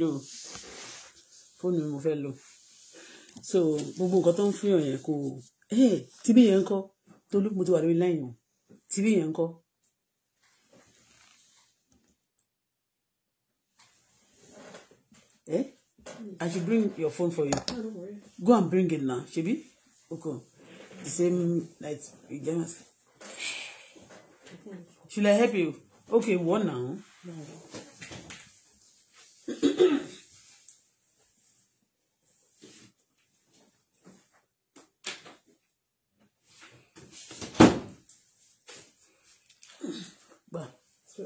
lò fóònù mi mo fẹ́ lò so gbogbo nǹkan tó ń fún yàn yẹn kò tíbí yẹn ń kọ́ tolú mo ti wà lórí láyìn o tíbí yẹn ń kọ́. Eh? I should bring your phone for you. No, Go and bring it now, Shebi. Okay. The same night. Like, Should I help you? Okay, one now. No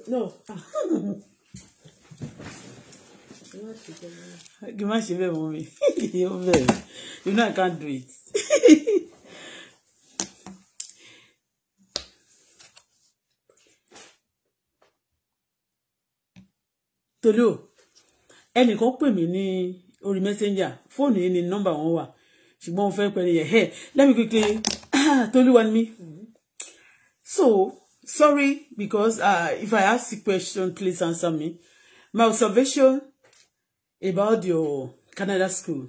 no you ma ṣe bẹ́ẹ̀ mọ́ you you know I can't do it. Tolu ẹnìkan pè mí ní orí messenger fóònù yìí ni nọ́mbà wọn wà ṣùgbọ́n mo fẹ́ pẹ̀lú yẹn hey let me quickly tolúwa ni mi so sorry because uh, if I ask the question please answer me my observation about your Canada school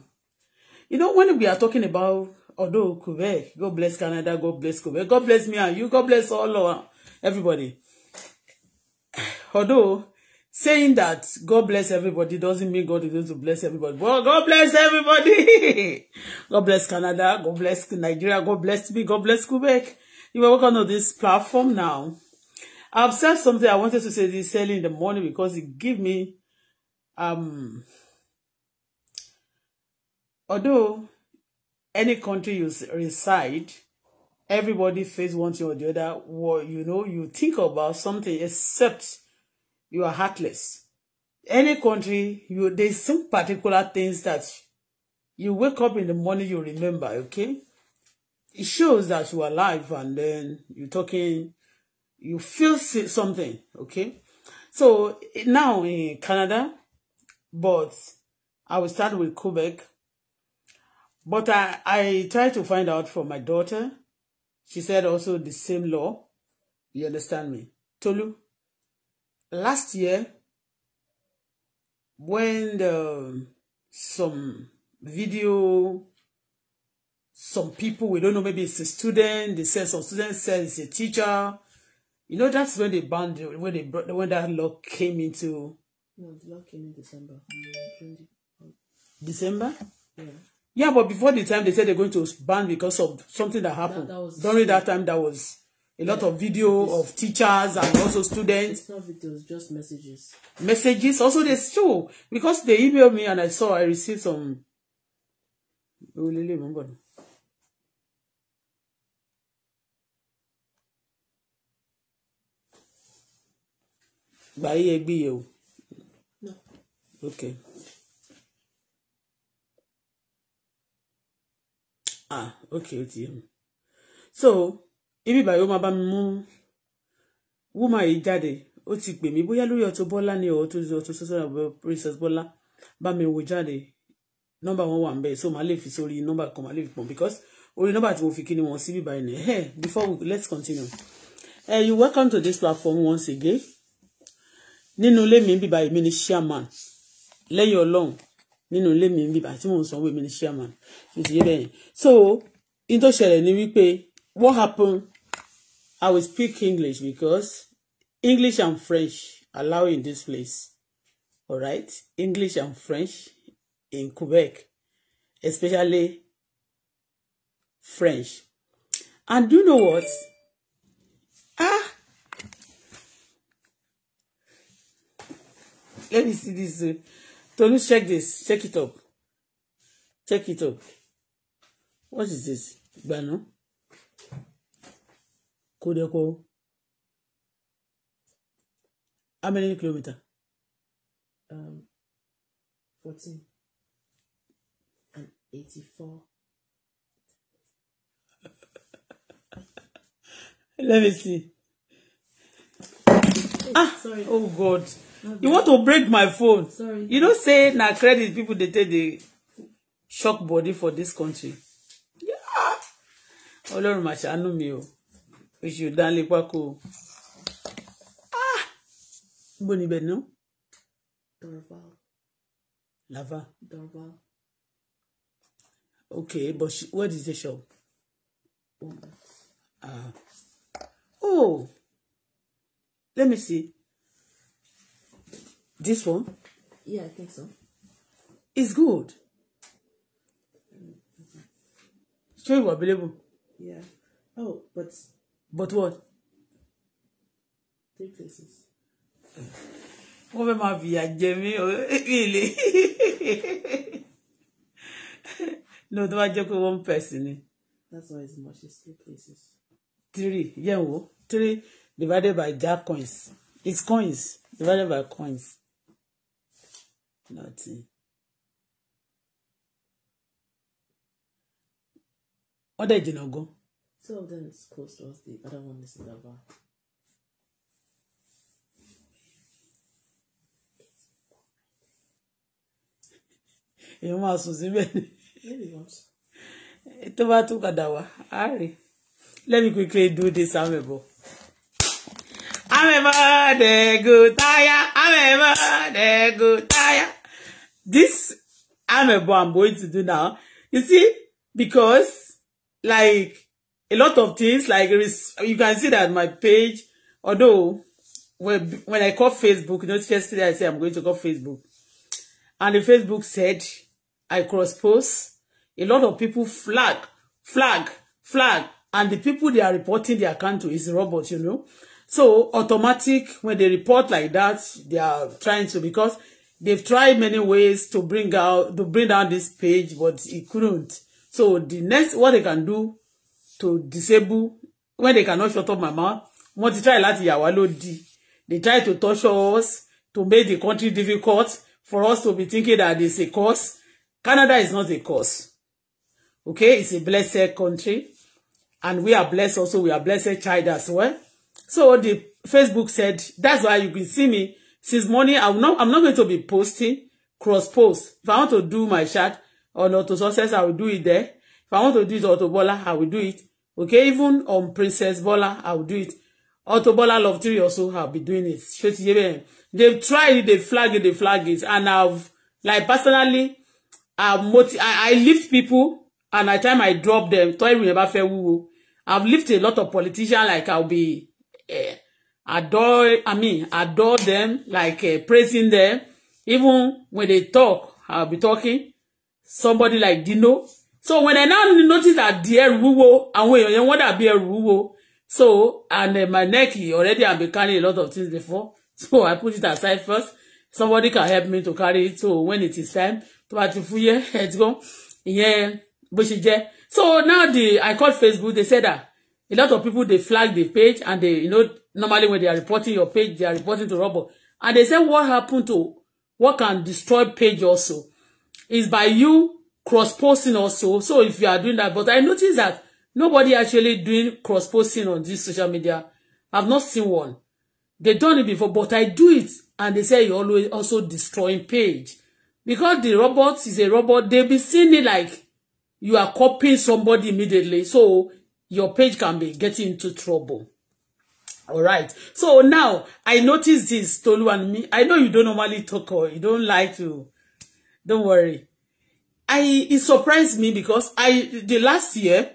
you know when we are talking about Odo Quebec God bless Canada God bless Quebec God bless me and you God bless all of everybody although saying that God bless everybody doesn't mean God is going to bless everybody. Well, God bless everybody. God bless Canada. God bless Nigeria. God bless me. God bless Quebec. You are welcome on this platform now. I've said something I wanted to say this early in the morning because it gave me, um, although any country you reside, everybody face one thing or the other, well, you know, you think about something except you are heartless. Any country, you there's some particular things that you wake up in the morning, you remember, okay? It shows that you are alive and then you're talking, you feel something, okay? So now in Canada, but I will start with Quebec. But I, I tried to find out from my daughter. She said also the same law. You understand me? Tolu, last year when the, some video some people we don't know maybe it's a student they said some student said it's a teacher you know that's when they banned when they brought when that law came into no the law came in december december yeah yeah but before the time they said they're going to ban because of something that happened that, that during that time that was a lot of video it's, of teachers and also students. It's not videos, just messages. Messages. Also, there's two because they emailed me and I saw I received some. Oh, Lily, remember. Báyìí ẹgbẹ́ No. Okay. Ah, okay, ó So ibi ìbàyò máa bá mi mú wúmà yìí jáde ó ti pè mí bóyá lórí Auto Bola ni ọ̀ tó Auto Sọ́lá Princess Bola bá mi wo jáde nọ́mbà wọn wà ń so màá lè fi sórí nọ́mbà kan màá lè fi pọ̀ because orí nọ́mbà tí mo fi kíni wọn sí bíbá ẹ̀ nìyẹn before we let's continue uh, you welcome to this platform once again nínú ilé mi bíbá èmi ni chairman lẹ́yìn ọlọ́run nínú ilé mi bíbá tí mò ń sanwó èmi ni chairman ṣùgbọ́n so in tó ṣẹlẹ̀ ni wípé what happened I will speak English because English and French allow in this place. All right? English and French in Quebec, especially French. And do you know what? Ah! Let me see this. Uh, Tolu, check this. Check it up. Check it up. What is this? Gbanu. Kodeko. How many kilometer? Um, 14 and 84. Let me see. ah sorry oh god you want to break my phone sorry you know say na credit people dey take dey shock body for dis country ọlọ́run mà ṣàánú mi o oṣù dánlé pákó níbo níbẹ̀ Dorval. Lava. Dorval. Okay, but she, what is the shop? Uh, oh, let me see. This one? Yeah, I think so. It's good. Show you available. Yeah. Oh, but but what. three places. What fẹ́ I fìyà jẹ mí ilé no do I joke with one person that's why it's much it's three places. three Yeah, wo three divided by jar coins it's coins divided by coins nothing. What did you not go? Two of them is close to us, the other one is in the van. èèyàn máa sùn síbẹ̀ ni tó bá tún padà wá á rí let me quickly do this I'm I'm a a boy. amebo. amebo de gutaya amebo de gutaya this I'm a boy. I'm going to do now you see because like a lot of things like you can see that my page although when when I called Facebook you not know, yesterday I said I'm going to call Facebook and the Facebook said I cross post a lot of people flag flag flag and the people they are reporting their account to is robots you know so automatic when they report like that they are trying to because they've tried many ways to bring out to bring down this page but it couldn't so the next what they can do to disable when they cannot shut up my mouth want to try láti yà wá lódì they try to torture us to make the country difficult for us to be thinking that it's a curse Canada is not a curse okay it's a blessed country and we are blessed also we are blessed child as well so the Facebook said that's why you can see me since morning i'm not i'm not going to be posting cross post if i want to do my chat on Auto Success i will do it there if i want to do it Auto Bola i will do it okay even on um, Princess Bola I'll do it Otto Bola Love 3 also I'll be doing it ṣé ti yé they've tried it they flag it they flag it and I've like personally I've moti I, I lift people and at time I drop them tó ìrìn fair woo wúwo I've lifted a lot of politicians like I'll be eh, adore I mean adore them like uh, praising them even when they talk I'll be talking somebody like Dino so when i now notice that the ẹrù and when you want wọ́n dàbí ẹrù wúwo so and uh, my neck already i been carrying a lot of things before so i put it aside first somebody can help me to carry it so when it is time to bá ti fúyẹ́ ẹ ti so now the i call facebook they said that a lot of people they flag the page and they you know normally when they are reporting your page they are reporting to robot and they said what happened to what can destroy page also is by you cross posting also so if you are doing that but i notice that nobody actually doing cross posting on this social media i've not seen one they done it before but i do it and they say you always also destroying page because the robot is a robot they be seeing it like you are copying somebody immediately so your page can be getting into trouble all right so now i notice this Tolu and me i know you don't normally talk or you don't like to don't worry I it surprised me because I the last year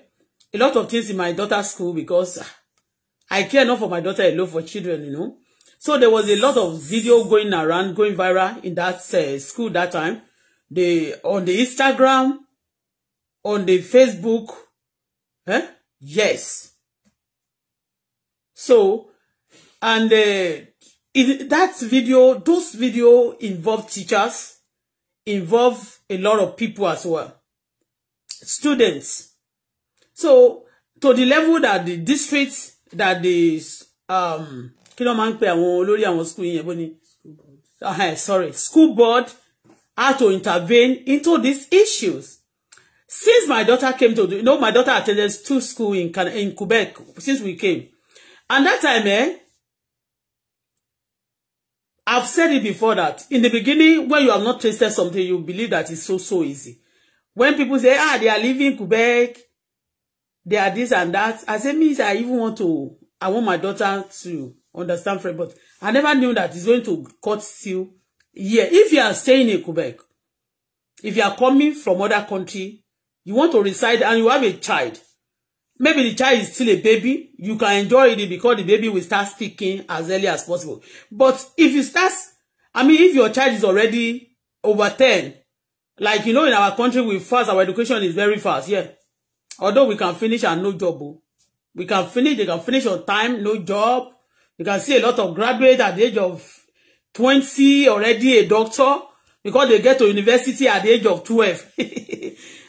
a lot of things in my daughter's school because I care not for my daughter love for children, you know. So there was a lot of video going around, going viral in that uh, school that time. The on the Instagram, on the Facebook, eh? Yes. So, and uh, in that video, those video involved teachers involve a lot of people as well, students. So to the level that the district that the um kí ló máa ń pe àwọn school uh, sorry school board had to intervene into these issues. Since my daughter came to, you know, my daughter attended two school in in Quebec since we came, and that time eh I've said it before that in the beginning, when you have not tasted something, you believe that it's so, so easy. When people say, ah, they are leaving Quebec, they are this and that, I say, means I even want to, I want my daughter to understand French, but I never knew that it's going to cut still Yeah, If you are staying in Quebec, if you are coming from other country, you want to reside and you have a child, maybe the child is still a baby you can enjoy it because the baby will start speaking as early as possible but if you start i mean if your child is already over 10 like you know in our country we fast our education is very fast yeah although we can finish and no job oh. we can finish they can finish on time no job you can see a lot of graduate at the age of 20 already a doctor because they get to university at the age of 12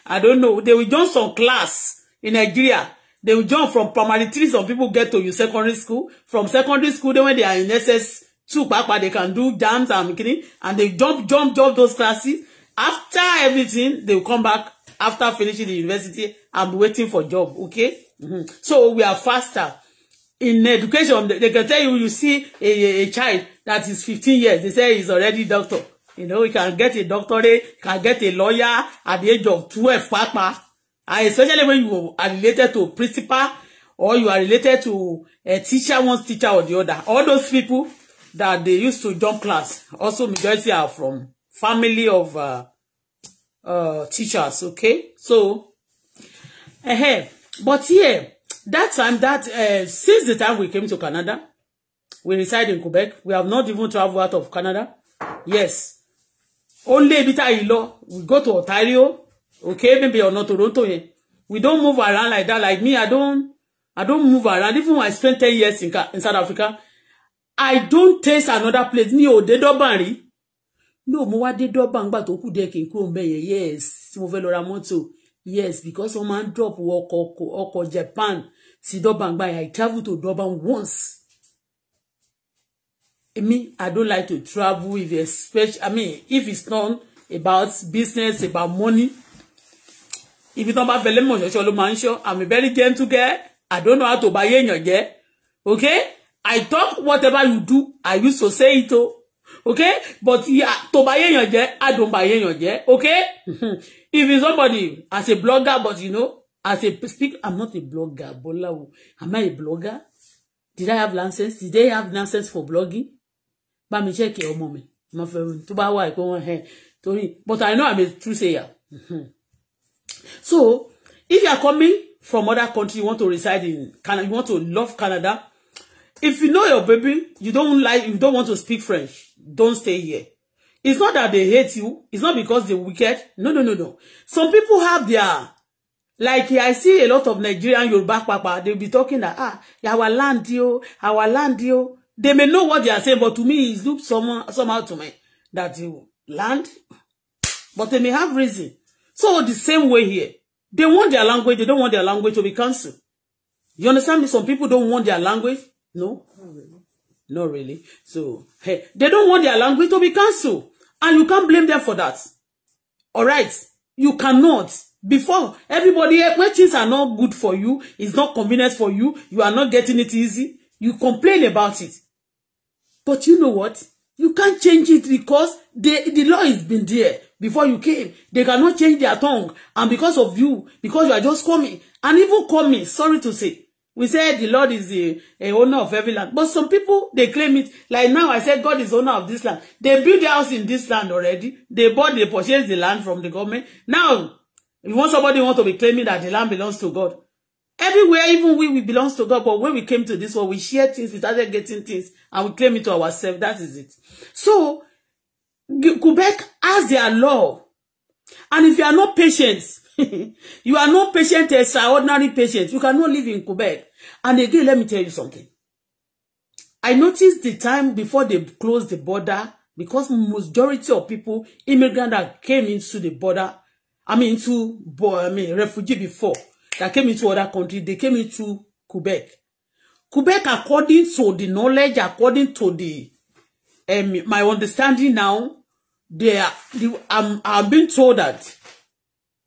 i don't know they will join some class in Nigeria. They will jump from primary three, some people get to your secondary school. From secondary school, then when they are in SS2, Papa, they can do jams and kidding, and they jump, jump, jump those classes. After everything, they will come back after finishing the university and be waiting for job. Okay? Mm-hmm. So we are faster. In education, they can tell you, you see a, a child that is 15 years, they say he's already doctor. You know, you can get a doctorate, can get a lawyer at the age of 12, Papa. And ah, especially when you are related to principal or you are related to a teacher, one teacher or the other. All those people that they used to jump class, also majority are from family of uh, uh, teachers, okay? So, uh, but yeah, that time, that uh, since the time we came to Canada, we reside in Quebec. We have not even traveled out of Canada. Yes. Only Ebita Ilo, we go to Ontario, okay maybe you're not Toronto yẹn we don't move around like that like me I don't I don't move around even when I spent ten years in, in South Africa I don't taste another place mi ò dé Durban rí mi ò mo wá dé Durban gbà tó kù díẹ̀ kí n kúrò yes mo fẹ́ lọ ra yes because wọ́n máa ń drop ọkọ̀ ọkọ̀ Japan sí Durban gbà I travel to Durban once me i don't like to travel if especially i mean if it's not about business about money ibi tán bá fẹ́ lẹ́mọ̀ ṣọ́ṣọ́ ló máa ń ṣọ́ I'm a very gentle girl I don't know how to báyé èèyàn jẹ́ okay I talk whatever you do I used to say it o okay but tó báyé èèyàn jẹ́ I don't báyé èèyàn jẹ́ okay if it's somebody as a blogger but you know as a speaker I'm not a blogger bolawo am I a blogger did I have license did they have license for blogging bá mi check ọmọ mi mo fẹ́ tó bá wà pé wọ́n hẹ́ torí but I know I'm a true sayer. So, if you are coming from other country, you want to reside in Canada, you want to love Canada. If you know your baby, you don't like, you don't want to speak French, don't stay here. It's not that they hate you. It's not because they're wicked. No, no, no, no. Some people have their, like I see a lot of Nigerian Yoruba papa, they'll be talking that, ah, our land, yo, our land, yo. They may know what they are saying, but to me, it looks somehow, somehow to me that you land, but they may have reason. So the same way here. They want their language. They don't want their language to be cancelled. You understand me? Some people don't want their language. No? Not really. Not really. So, hey, they don't want their language to be cancelled. And you can't blame them for that. All right? You cannot. Before, everybody, when things are not good for you, it's not convenient for you, you are not getting it easy, you complain about it. But you know what? You can't change it because the, the law has been there before you came. They cannot change their tongue. And because of you, because you are just coming, and even coming, sorry to say, we say the Lord is the, the owner of every land. But some people, they claim it. Like now, I said God is owner of this land. They built the house in this land already. They bought, they purchased the land from the government. Now, you want somebody want to be claiming that the land belongs to God, everywhere, even we, we belongs to God. But when we came to this world, we share things, we started getting things, and we claim it to ourselves. That is it. So, Quebec has their law. And if you are not patient, you are not patient, as ordinary patient, you cannot live in Quebec. And again, let me tell you something. I noticed the time before they closed the border, because majority of people, immigrants that came into the border, I mean, into, I mean, refugee before, that came into other country, they came into Quebec. Quebec, according to the knowledge, according to the, um, my understanding now, they are, the, I'm, um, I'm being told that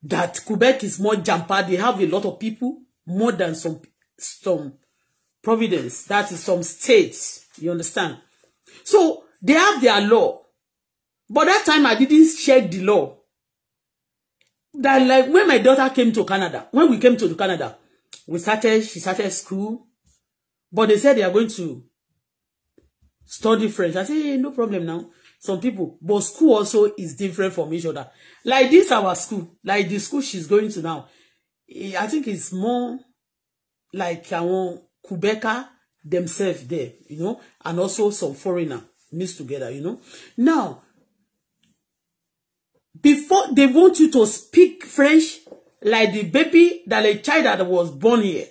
that Quebec is more jumper. They have a lot of people, more than some some providence. That is some states. You understand? So they have their law. But that time I didn't check the law. That like when my daughter came to Canada, when we came to Canada, we started, she started school. But they said they are going to study French. I say hey, no problem now some people but school also is different from each other like this our school like the school she's going to now eh, I think it's more like àwọn Quebecer themselves there you know and also some foreigner mix together you know now before they want you to speak French like the baby that a child that was born here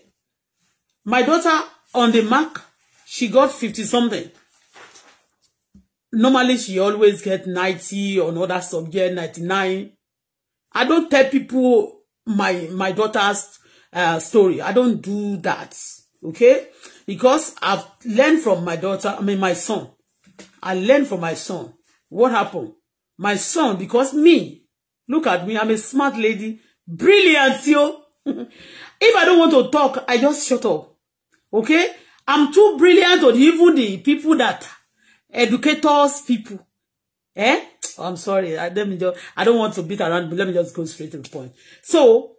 my daughter on the mark she got 50 something normally she always get 90 on other subject 99 i don't tell people my my daughter's uh, story i don't do that okay because i've learned from my daughter i mean my son i learned from my son what happened my son because me look at me i'm a smart lady brilliant yo if i don't want to talk i just shut up okay i'm too brilliant on even the people that educators people eh oh, i'm sorry I, let me just i don't want to beat around but let me just go straight to the point so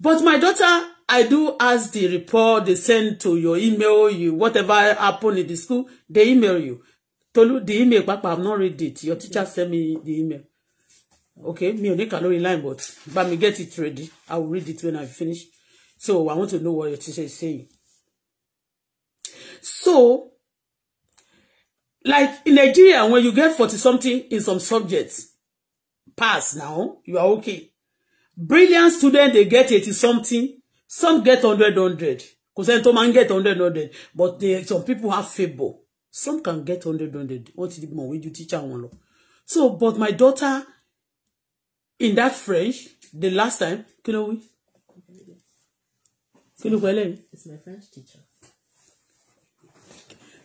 but my daughter i do ask the report they send to your email you whatever happened in the school they email you Tolu the email papa i've not read it your teacher sent me the email okay me only ní kà line but but me get it ready i will read it when i finish so i want to know what your teacher is saying so Like in Nigeria, when you get 40 something in some subjects, pass now, you are okay. Brilliant student, they get 80 something, some get 100, 100. Because some man get 100, 100, but they, some people have favor. Some can get 100, 100. What is the more you teach one So, but my daughter, in that French, the last time, kí ló wí? Kí ló pẹ̀lẹ́? It's my French teacher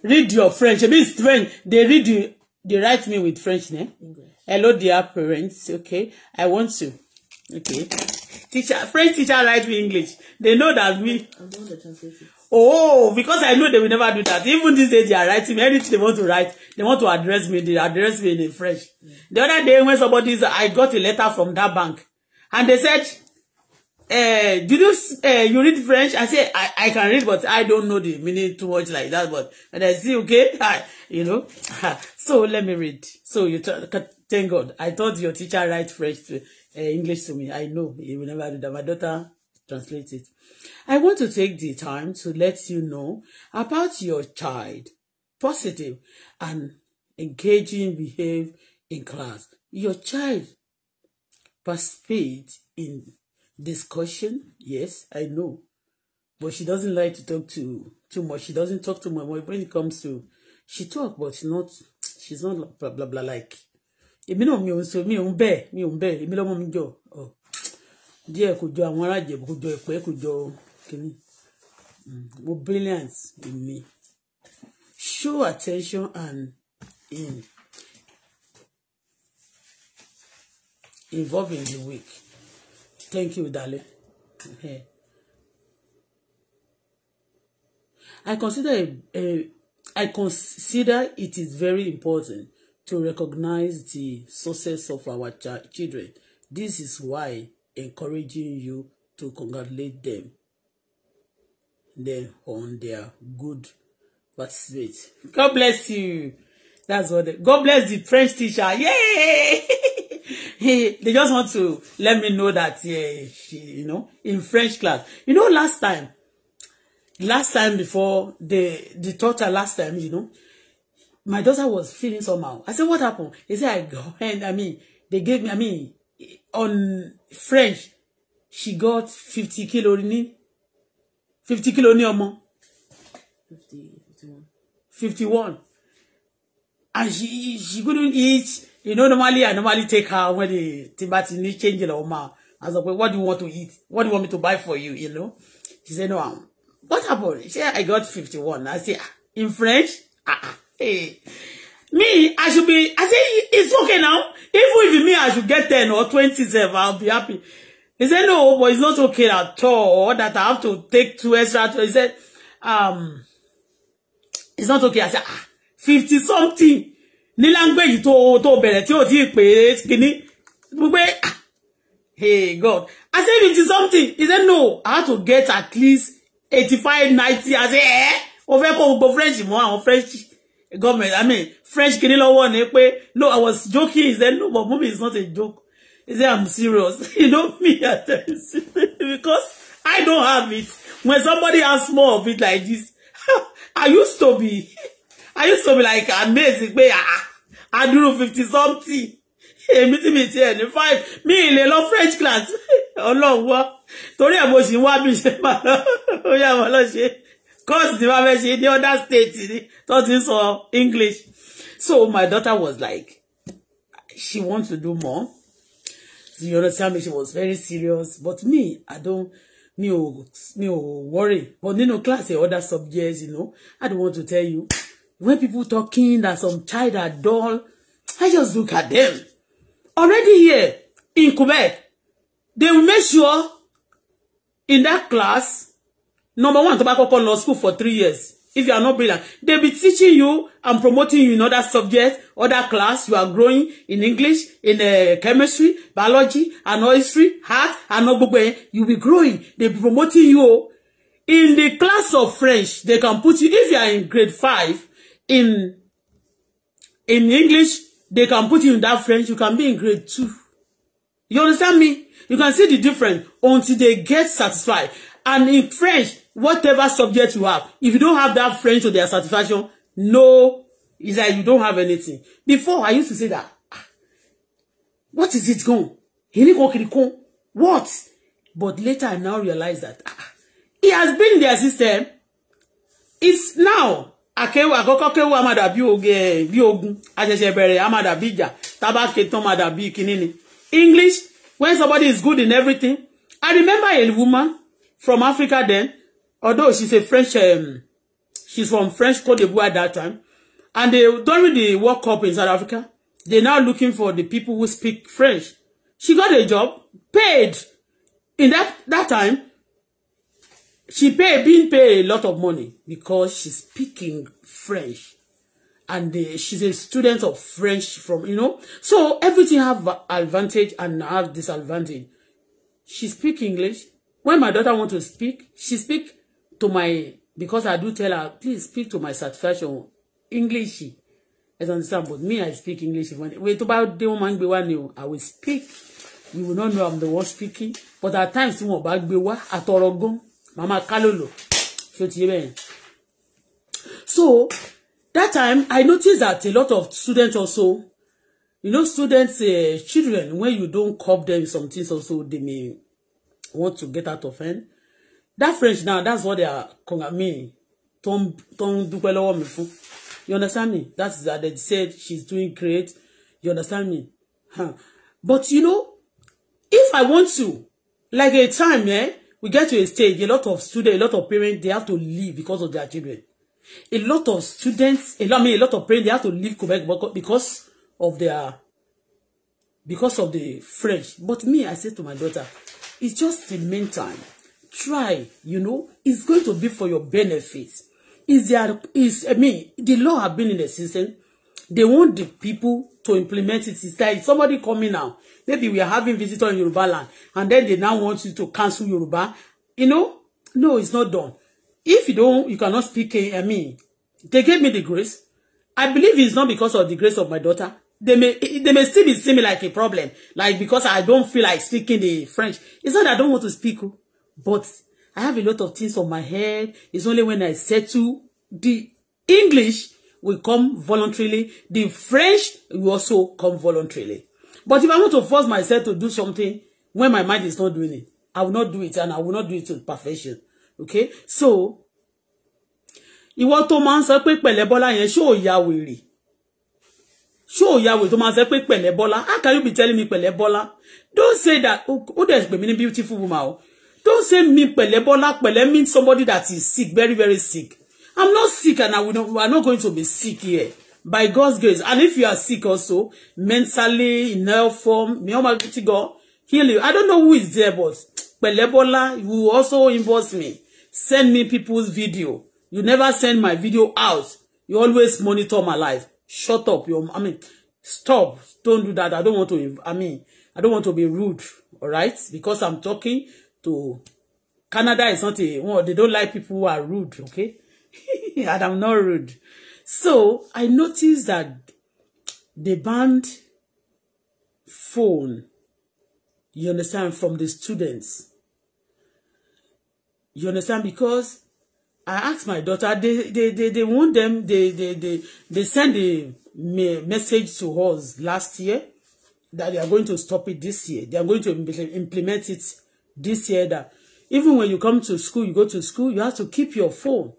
read your French. It means French. They read you, they write me with French ne? English. Hello, dear parents. Okay, I want to. Okay, teacher, French teacher write me English. They know that me. I'm doing the translation. Oh, because I know they will never do that. Even this day, they are writing me anything they want to write. They want to address me. They address me in French. Yeah. The other day, when somebody's, I got a letter from that bank, and they said uh, eh, did you uh, you read French? I say I, I can read, but I don't know the meaning too much like that. But and I see okay, I, you know. so let me read. So you thank God. I thought your teacher write French to, uh, English to me. I know he will never do that. My daughter translate it. I want to take the time to let you know about your child positive and engaging behave in class. Your child participate in discussion. Yes, I know. But she doesn't like to talk to too much. She doesn't talk too much. When it comes to, she talk, but she's not, she's not blah, blah, blah, like. Emi no mi ò mi ò ń bẹ̀, mi ò ń bẹ̀, èmi lọ́mọ mi jọ. Díẹ̀ kò jọ àwọn ará Ìjẹ̀bú, kò jọ Ẹ̀pẹ́, kò jọ kìíní. Mm, mo brilliant in me. Show attention and in involving the week. Thank you, darling. Yeah. I consider uh, I consider it is very important to recognize the success of our ch children. This is why encouraging you to congratulate them then on their good participate. God bless you. That's what The, God bless the French teacher. Yay! they just want to let me know that yeah, she, you know in French class you know last time last time before the the torture last time you know my daughter was feeling somehow I said what happened he said I got and I mean they gave me I mean on French she got fifty kilo ní fifty kilo fifty, fifty one, fifty one and she she couldn't eat you know normally I normally take her when the timbati need change lọ́wọ́ máa I was like what do you want to eat what do you want me to buy for you you know she said no am um, what happen she say I got fifty one I say ah, in French ah, ah hey me I should be I say it's okay now even if me I should get ten or twenty sef I'll be happy he said no but it's not okay at all that I have to take two extra he said um it's not okay I say ah fifty something ní language tó tó bẹ̀rẹ̀ tí ò tí ì pè é kíní ah, hey God I said it is something he said no I had to get at least eighty five ninety I said eh. o fẹ́ kó gbogbo French mọ́ àwọn French government I mean French kíní lọ́wọ́ ni pé no I was joking he said no but mommy is not a joke he said I'm serious you know me at tell because I don't have it when somebody has more of it like this I used to be. I used to be like amazing, ah, pé ah a ah, dúró fifty something èmi tí mi ti ẹ̀ five mi ì lè French class ọlọ́run wọ́ torí ẹ̀ mo sì ń wá bí ṣe máa lọ ó yà wọ́n lọ ṣe course tí wọ́n fẹ́ ṣe other state ni tó ti ń English so my daughter was like she wants to do more so you understand me she was very serious but me I don't Me, ò mi ò worry but nínú class ẹ̀ other subjects you know I don't want to tell you when people talking that some child are dull, I just look at them. Already here in Quebec, they will make sure in that class, number one, tó bá kọ́kọ́ lọ school for three years. If you are not brilliant, they be teaching you and promoting you in other subjects, other class. You are growing in English, in uh, chemistry, biology, and history, Heart and all You be growing. They be promoting you. In the class of French, they can put you, if you are in grade five in in English, they can put you in that French. You can be in grade two. You understand me? You can see the difference until they get satisfied. And in French, whatever subject you have, if you don't have that French to their satisfaction, no, it's like you don't have anything. Before, I used to say that. Ah, what is it going? What? But later, I now realize that he ah, has been their system. It's now akéwò àkọ́kọ́ kéwò a máa dàbí oge ẹ̀ bí ogun àṣẹ̀ṣẹ̀ bẹ̀rẹ̀ a máa dàbí ìjà tábà ketán máa dàbí kinní ni English when somebody is good in everything I remember a woman from Africa then although she's a French um, she's from French Cote d'Ivoire at that time and they, during the World Cup in South Africa they now looking for the people who speak French she got a job paid in that that time she pay been pay a lot of money because she's speaking French and uh, she's a student of French from you know so everything have advantage and have disadvantage she speak English when my daughter want to speak she speak to my because I do tell her please speak to my satisfaction English as understand but me I speak English if wait about the woman be one you I will speak you will not know I'm the one speaking but at times tí wọ́n bá gbé wá àtọ̀rọ̀ gan Mama Kalolo, ká lòlò ṣó ti yé so that time I noticed that a lot of students also you know students uh, children when you don't curb them some things also they may want to get out of hand that French now that's what they are calling me tó ń dúpẹ́ you understand me that's that they said she's doing great you understand me huh. but you know if I want to like a time eh we get to a stage a lot of students a lot of parents they have to leave because of their children a lot of students a lot, I mean, a lot of parents they have to leave Quebec because of their because of the French but me I say to my daughter it's just the meantime try you know it's going to be for your benefit is there is I mean the law have been in existence the they want the people to implement it is that if somebody coming now maybe we are having visitor in Yoruba land and then they now want you to cancel Yoruba you know no it's not done if you don't you cannot speak eh, I mean they gave me the grace I believe it's not because of the grace of my daughter they may they may still be seeming like a problem like because I don't feel like speaking the French it's not that I don't want to speak oh, but I have a lot of things on my head it's only when I settle the English will come voluntarily. The French will also come voluntarily. But if I want to force myself to do something when my mind is not doing it, I will not do it and I will not do it to perfection. Okay? So, ìwọ tó máa ń sọ pé pẹ̀lẹ́ Bọ́lá yẹn ṣó ya wèrè ṣó ya wèrè tó máa ń sọ pé pẹ̀lẹ́ how can you be telling me pẹ̀lẹ́ Bọ́lá don't say that Who does pè mí beautiful woman don't say me pẹ̀lẹ́ Bọ́lá pẹ̀lẹ́ mean somebody that is sick very very sick I'm not sick and I will not, we are not going to be sick here. By God's grace. And if you are sick also, mentally, in health form, may Almighty God heal you. I don't know who is there, but Pelebola, you will also inbox me. Send me people's video. You never send my video out. You always monitor my life. Shut up. Your, I mean, stop. Don't do that. I don't want to, I mean, I don't want to be rude. All right? Because I'm talking to Canada is not a, well, they don't like people who are rude. Okay? and I'm not rude. So I noticed that they banned phone, you understand, from the students. You understand? Because I asked my daughter, they, they, they, they want them, they, they, they, they send a message to us last year that they are going to stop it this year. They are going to implement it this year that even when you come to school, you go to school, you have to keep your phone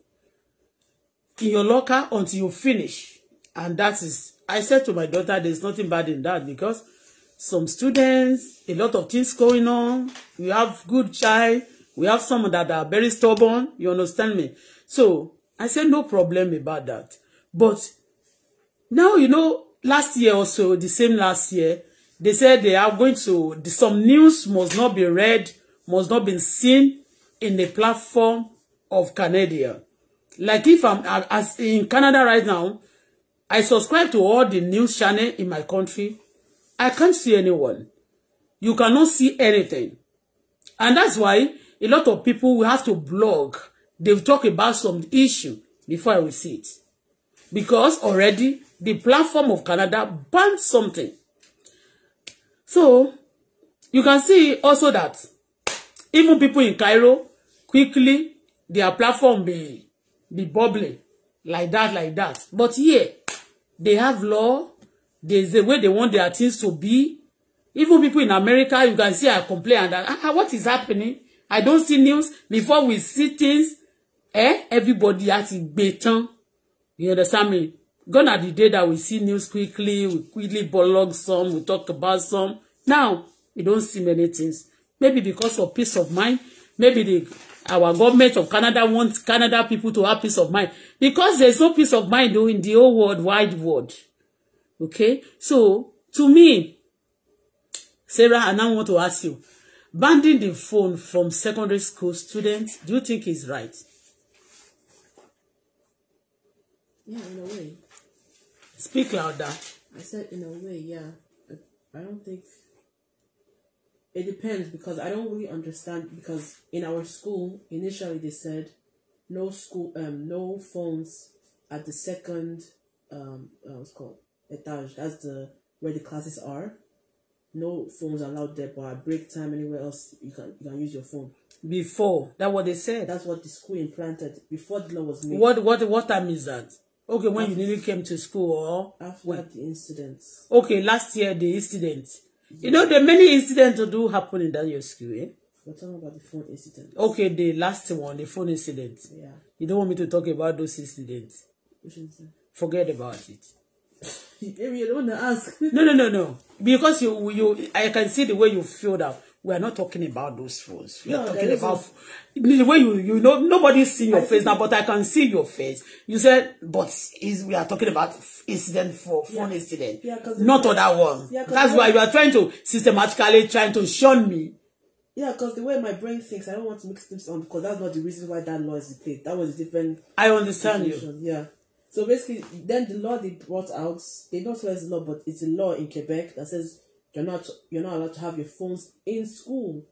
in your locker until you finish. And that is, I said to my daughter, there's nothing bad in that because some students, a lot of things going on. We have good child. We have some that are very stubborn. You understand me? So I said, no problem about that. But now, you know, last year also, the same last year, they said they are going to, some news must not be read, must not be seen in the platform of Canada. Like if I'm uh, as in Canada right now, I subscribe to all the news channel in my country. I can't see anyone. You cannot see anything. And that's why a lot of people will have to blog. They'll talk about some issue before I will see it. Because already the platform of Canada banned something. So you can see also that even people in Cairo quickly their platform be be bubbling like that like that but here they have law there's the way they want their things to be even people in America you can see I complain and that ah, ah what is happening I don't see news before we see things eh everybody has to gbé e you understand me gonna the day that we see news quickly we quickly blog some we talk about some now we don't see many things maybe because of peace of mind maybe the our government of Canada wants Canada people to have peace of mind because there's no peace of mind though in the whole world wide world okay so to me Sarah I now want to ask you banning the phone from secondary school students do you think is right yeah in a way speak louder I said in a way yeah I don't think It depends because I don't really understand because in our school initially they said no school um no phones at the second um uh, what's called etage that's the where the classes are no phones allowed there but at break time anywhere else you can you can use your phone before that what they said that's what the school implanted before the law was made what what what time is that okay when after, you nearly came to school or after when? the incidents okay last year the incident You know, there are many incidents that do happen in that your school, eh? We're talking about the phone incident. Okay, the last one, the phone incident. Yeah. You don't want me to talk about those incidents. Which Forget about it. Maybe you don't want to ask. no, no, no, no. Because you, you, I can see the way you feel that. We are not talking about those phones. We no, are talking about the way you you know nobody see your I face see. now, but I can see your face. You said, but is we are talking about incident for yeah. phone incident, yeah, not other one. Yeah, That's why you are trying to systematically trying to shun me. Yeah, because the way my brain thinks, I don't want to mix things on because that's not the reason why that law is played. That was a different. I understand situation. you. Yeah. So basically, then the law they brought out, they don't say it's a law, but it's a law in Quebec that says You're not you're not allowed to have your phones in school,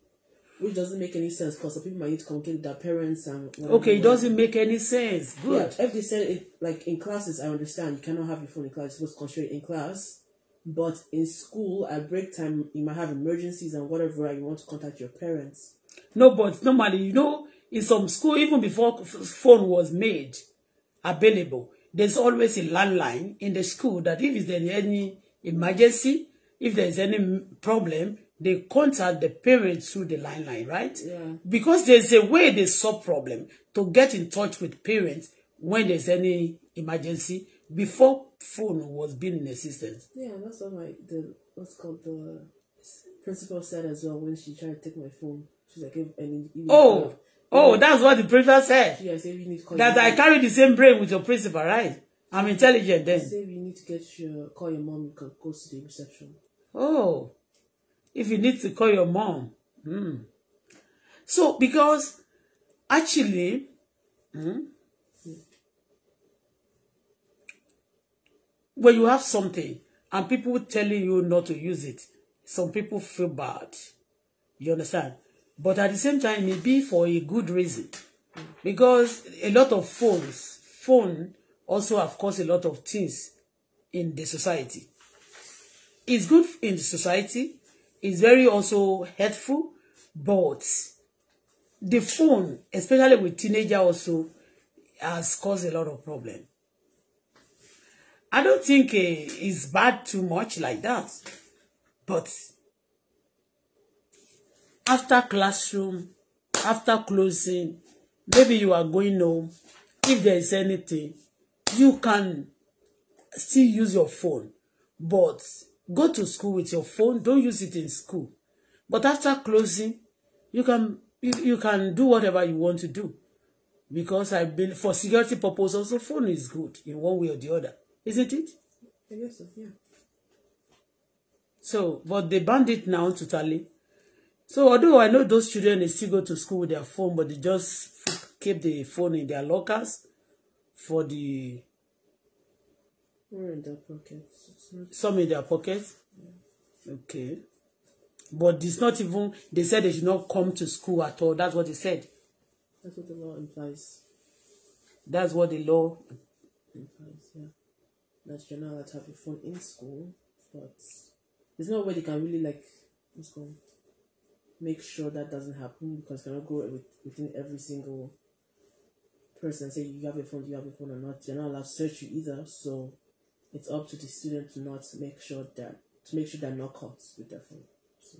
which doesn't make any sense because people might need to communicate with their parents and. Whatever. Okay, it doesn't make any sense. Good. Yeah, if they said it, like in classes, I understand you cannot have your phone in class. It's supposed to concentrate in class, but in school at break time you might have emergencies and whatever, and you want to contact your parents. No, but normally you know in some school even before phone was made available, there's always a landline in the school that if there's any emergency if there's any problem, they contact the parents through the line line, right? Yeah. Because there's a way they solve problem to get in touch with parents when there's any emergency before phone was being in existence. Yeah, that's what my the what's called the principal said as well when she tried to take my phone. She's like, if any oh. Oh, that's what the principal said. Yeah, say we need to call that I carry the same brain with your principal, right? I'm intelligent then. Say we need to get your call your mom. You can go to the reception. Oh, if you need to call your mom. Mm. So, because actually, mm, when you have something and people telling you not to use it, some people feel bad. You understand? But at the same time, it be for a good reason. Because a lot of phones, phone also have caused a lot of things in the society. It's good in society. It's very also helpful. But the phone, especially with teenager also, has caused a lot of problem. I don't think uh, it's bad too much like that. But after classroom, after closing, maybe you are going home, if there is anything, you can still use your phone. But Go to school with your phone. Don't use it in school. But after closing, you can you, you can do whatever you want to do. Because I believe for security purposes, also phone is good in one way or the other, isn't it? Yes, so, yeah. So, but they banned it now totally. So although I know those children they still go to school with their phone, but they just keep the phone in their lockers for the or in their pockets. some in their pockets. Okay. But it's not even, they said they should not come to school at all. That's what they said. That's what the law implies. That's what the law implies, yeah. That you're not allowed to have your phone in school, but there's no way they can really, like, what's going make sure that doesn't happen because you cannot go with, within every single person say you have a phone, you have a phone or not. You're not allowed to search you either, so it's up to the student to not make sure that to make sure they're not caught with their phone. So.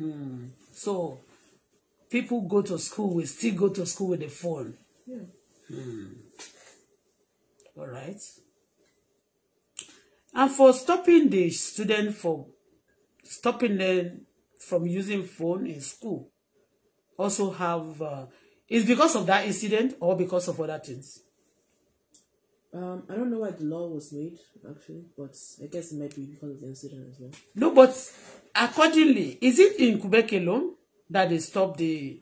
Hmm. so people go to school will still go to school with a phone. Yeah. Hmm. All right. And for stopping the student from stopping them from using phone in school, also have uh, is because of that incident or because of other things. Um, I don't know why the law was made actually, but I guess it might be because of the incident as well. No, but accordingly, is it in Quebec alone that they stopped the?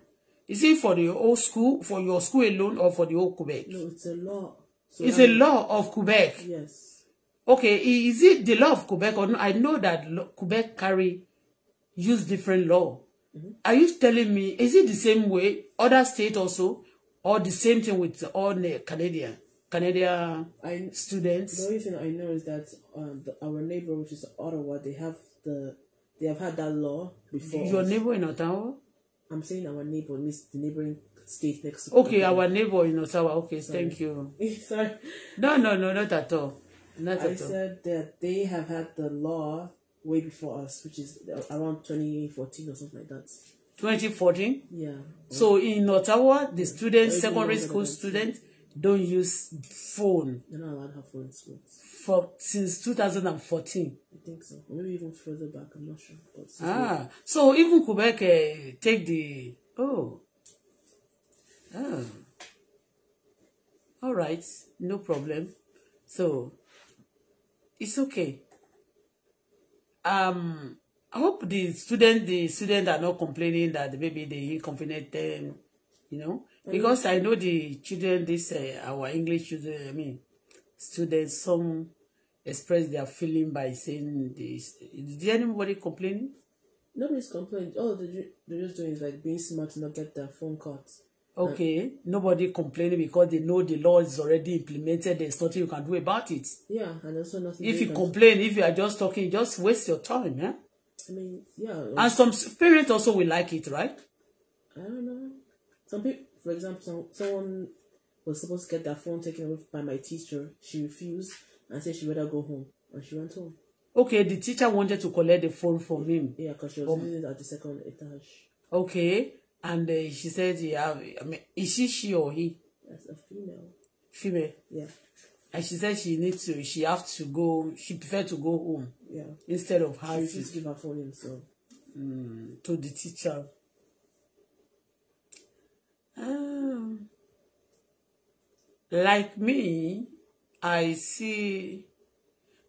Is it for the old school, for your school alone, or for the whole Quebec? No, it's a law. So it's a law of Quebec. Yes. Okay, is it the law of Quebec or no? I know that Quebec carry use different law. Mm-hmm. Are you telling me is it the same way other state also, or the same thing with all Canadian? Canadian I, students. The only thing I know is that um, the, our neighbor, which is Ottawa, they have the they have had that law before. Your neighbor in Ottawa. I'm saying our neighbor means the neighboring state next. To okay, Canada. our neighbor in Ottawa. Okay, Sorry. thank you. Sorry. No, no, no, not at all. Not I at all. said that they have had the law way before us, which is around 2014 or something like that. 2014. Yeah. So in Ottawa, the students, secondary school students don't use phone. They're not allowed to have phones. For since two thousand and fourteen, I think so. Maybe even further back. I'm not sure. But ah, like, so even Quebec uh, take the oh, oh, all right, no problem. So it's okay. Um, I hope the student the student are not complaining that maybe they inconvenient them, you know because I know the children, this uh, our English children, I mean, students, some express their feeling by saying this. Did anybody complain? Nobody's complained. All they're just doing is like being smart to not get their phone cut. Okay, and, nobody complaining because they know the law is already implemented. There's nothing you can do about it. Yeah, and also nothing. If you complain, if you are just talking, just waste your time, yeah. I mean, yeah. and some parents also will like it, right? I don't know. Some people For example, some, someone was supposed to get their phone taken away by my teacher. She refused and said she'd rather go home, and she went home. Okay, the teacher wanted to collect the phone from him. Yeah, because she was um, using it at the second etage. Okay, and uh, she said, "Yeah, I mean, is she she or he?" That's a female. Female. Yeah. And she said she needs to. She have to go. She prefer to go home. Yeah. Instead of having. to give her phone himself. So. Mm, to the teacher. Ah. Like me, I see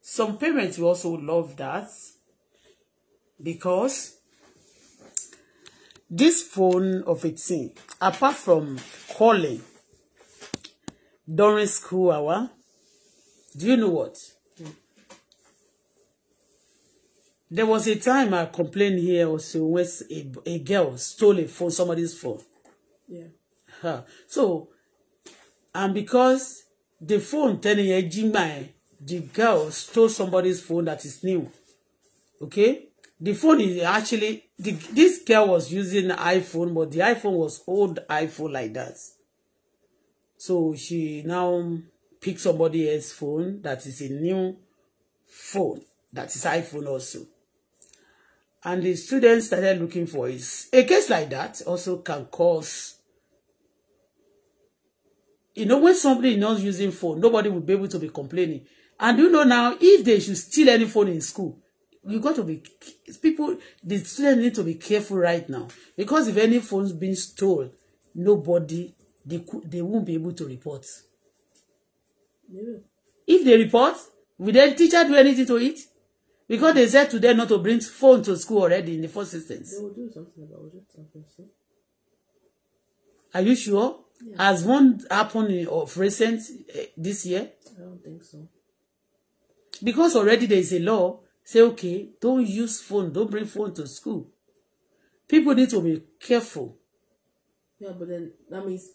some parents who also love that because this phone of 18, apart from calling during school hour, do you know what? There was a time I complained here also when a, a girl stole a phone, somebody's phone. Yeah so and because the phone tẹ́ni yẹn jí gbà the girl stole somebody's phone that is new okay the phone is actually the, this girl was using iPhone but the iPhone was old iPhone like that so she now pick somebody else's phone that is a new phone that is iPhone also and the students started looking for it a case like that also can cause you know, when somebody is not using phone, nobody will be able to be complaining. And you know now, if they should steal any phone in school, you got to be people. The students need to be careful right now because if any phone's been stolen, nobody they they won't be able to report. Yeah. If they report, will the teacher do anything to it? Because they said to them not to bring phone to school already in the first instance. They will do something about it. Are you sure? Yeah. Has one happened in, of recent uh, this year? I don't think so. Because already there is a law say okay, don't use phone, don't bring phone to school. People need to be careful. Yeah, but then that means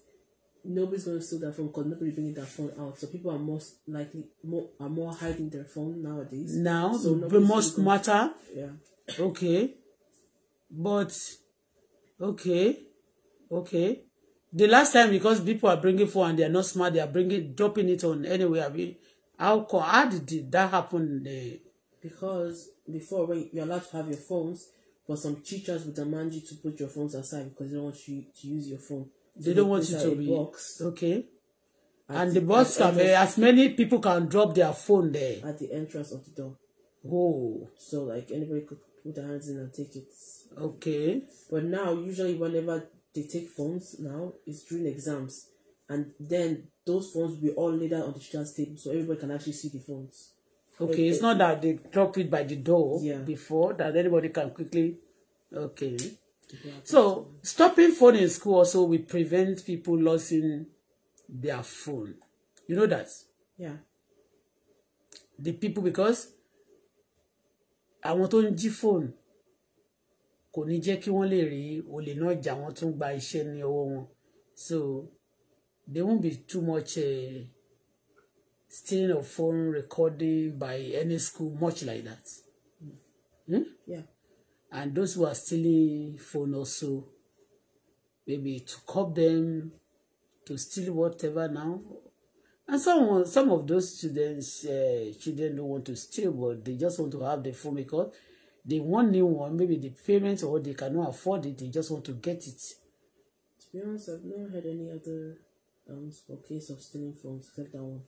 nobody's going to steal that phone because nobody's bringing that phone out. So people are most likely more are more hiding their phone nowadays. Now, so but most matter. Yeah. Okay. But okay, okay the last time because people are bringing phone and they are not smart they are bringing dropping it on anyway i mean how how did that happen uh, because before when you're allowed to have your phones but some teachers would demand you to put your phones aside because they don't want you to use your phone so they don't want you to be box okay at and the, the box can entrance, as many people can drop their phone there at the entrance of the door oh so like anybody could put their hands in and take it okay but now usually whenever they take phones now is during exams and then those phones will all lay down on the teacher's table so everybody can actually see the phones. Okay, okay. Eh, it's eh, not that they drop it by the door yeah. before that anybody can quickly. Okay. So stopping phone in school also will prevent people losing their phone. You know that? Yeah. The people because àwọn tó ń jí phone kò ní jẹ́ kí wọ́n lè rí olè náà jà wọ́n tún gba iṣẹ́ ní ọwọ́ wọn so there won't be too much uh, eh, stealing of phone recording by any school much like that hmm? yeah. and those who are stealing phone also maybe to cop them to steal whatever now and some some of those students uh, children don't want to steal but they just want to have the phone because They want new one, maybe the parents, or they cannot afford it, they just want to get it. To be honest, I've never heard any other um for case of stealing phones except that one.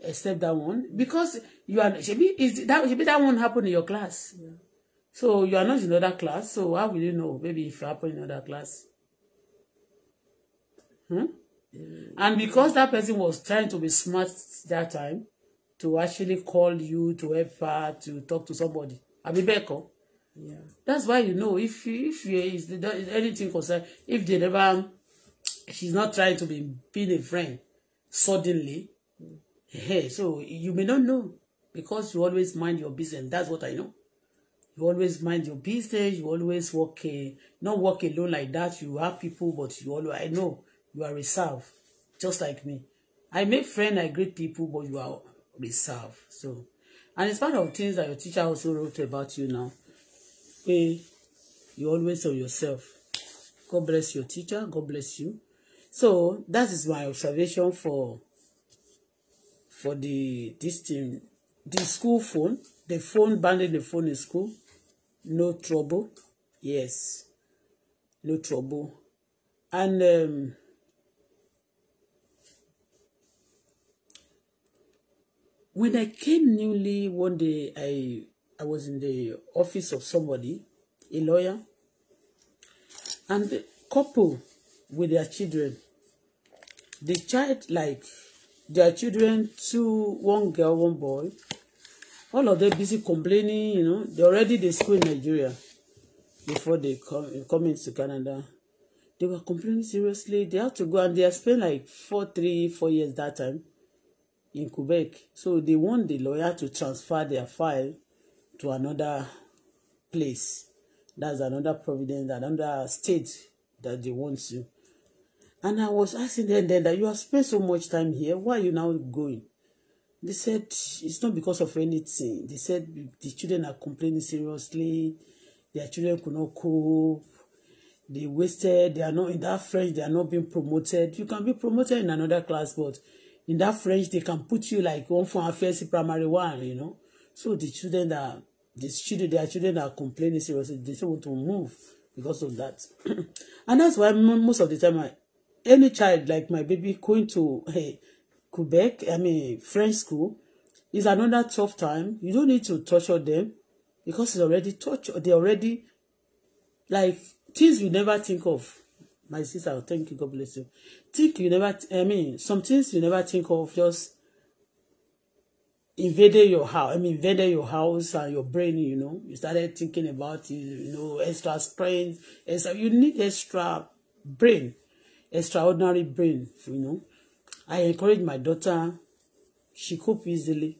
Except that one? Because you are maybe is that maybe that won't happen in your class. Yeah. So you are not in other class, so how will you know maybe if it happened in other class? Hmm? And because that person was trying to be smart that time, to actually call you to help her to talk to somebody. Àbí bẹ́ẹ̀ kọ́. Yeah. That's why you know if if you, is anything concerned if they never she's not trying to be being a friend suddenly mm. hey so you may not know because you always mind your business that's what I know you always mind your business you always work uh, not work alone like that you have people but you always I know you are reserved just like me I make friend I greet people but you are reserved so and it's part of things that your teacher also wrote about you now pé you always on yourself God bless your teacher God bless you so that is my observation for for the this thing the school phone the phone banning the phone in school no trouble yes no trouble and um, when I came newly one day I I was in the office of somebody, a lawyer, and a couple with their children. The child, like their children, two, one girl, one boy, all of them busy complaining, you know, they already they school in Nigeria before they come coming to Canada. They were complaining seriously. They had to go and they had spent like four, three, four years that time in Quebec. So they want the lawyer to transfer their file to another place. That's another providence, another state that they want you. And I was asking them then that you have spent so much time here. Why are you now going? They said it's not because of anything. They said the children are complaining seriously. Their children could not cope. They wasted. They are not in that French. They are not being promoted. You can be promoted in another class, but in that French, they can put you like one for a first primary one, you know. So the children are, the children, their children are complaining seriously. They don't want to move because of that. and that's why most of the time, I, any child like my baby going to hey, eh, Quebec, I mean French school, is another tough time. You don't need to torture them because it's already torture. They already like things you never think of. My sister, thank you, God bless you. Think you never. I mean, some things you never think of just invaded your house. I mean, invaded your house and your brain. You know, you started thinking about you know extra strength. Extra, you need extra brain, extraordinary brain. You know, I encourage my daughter. She cope easily.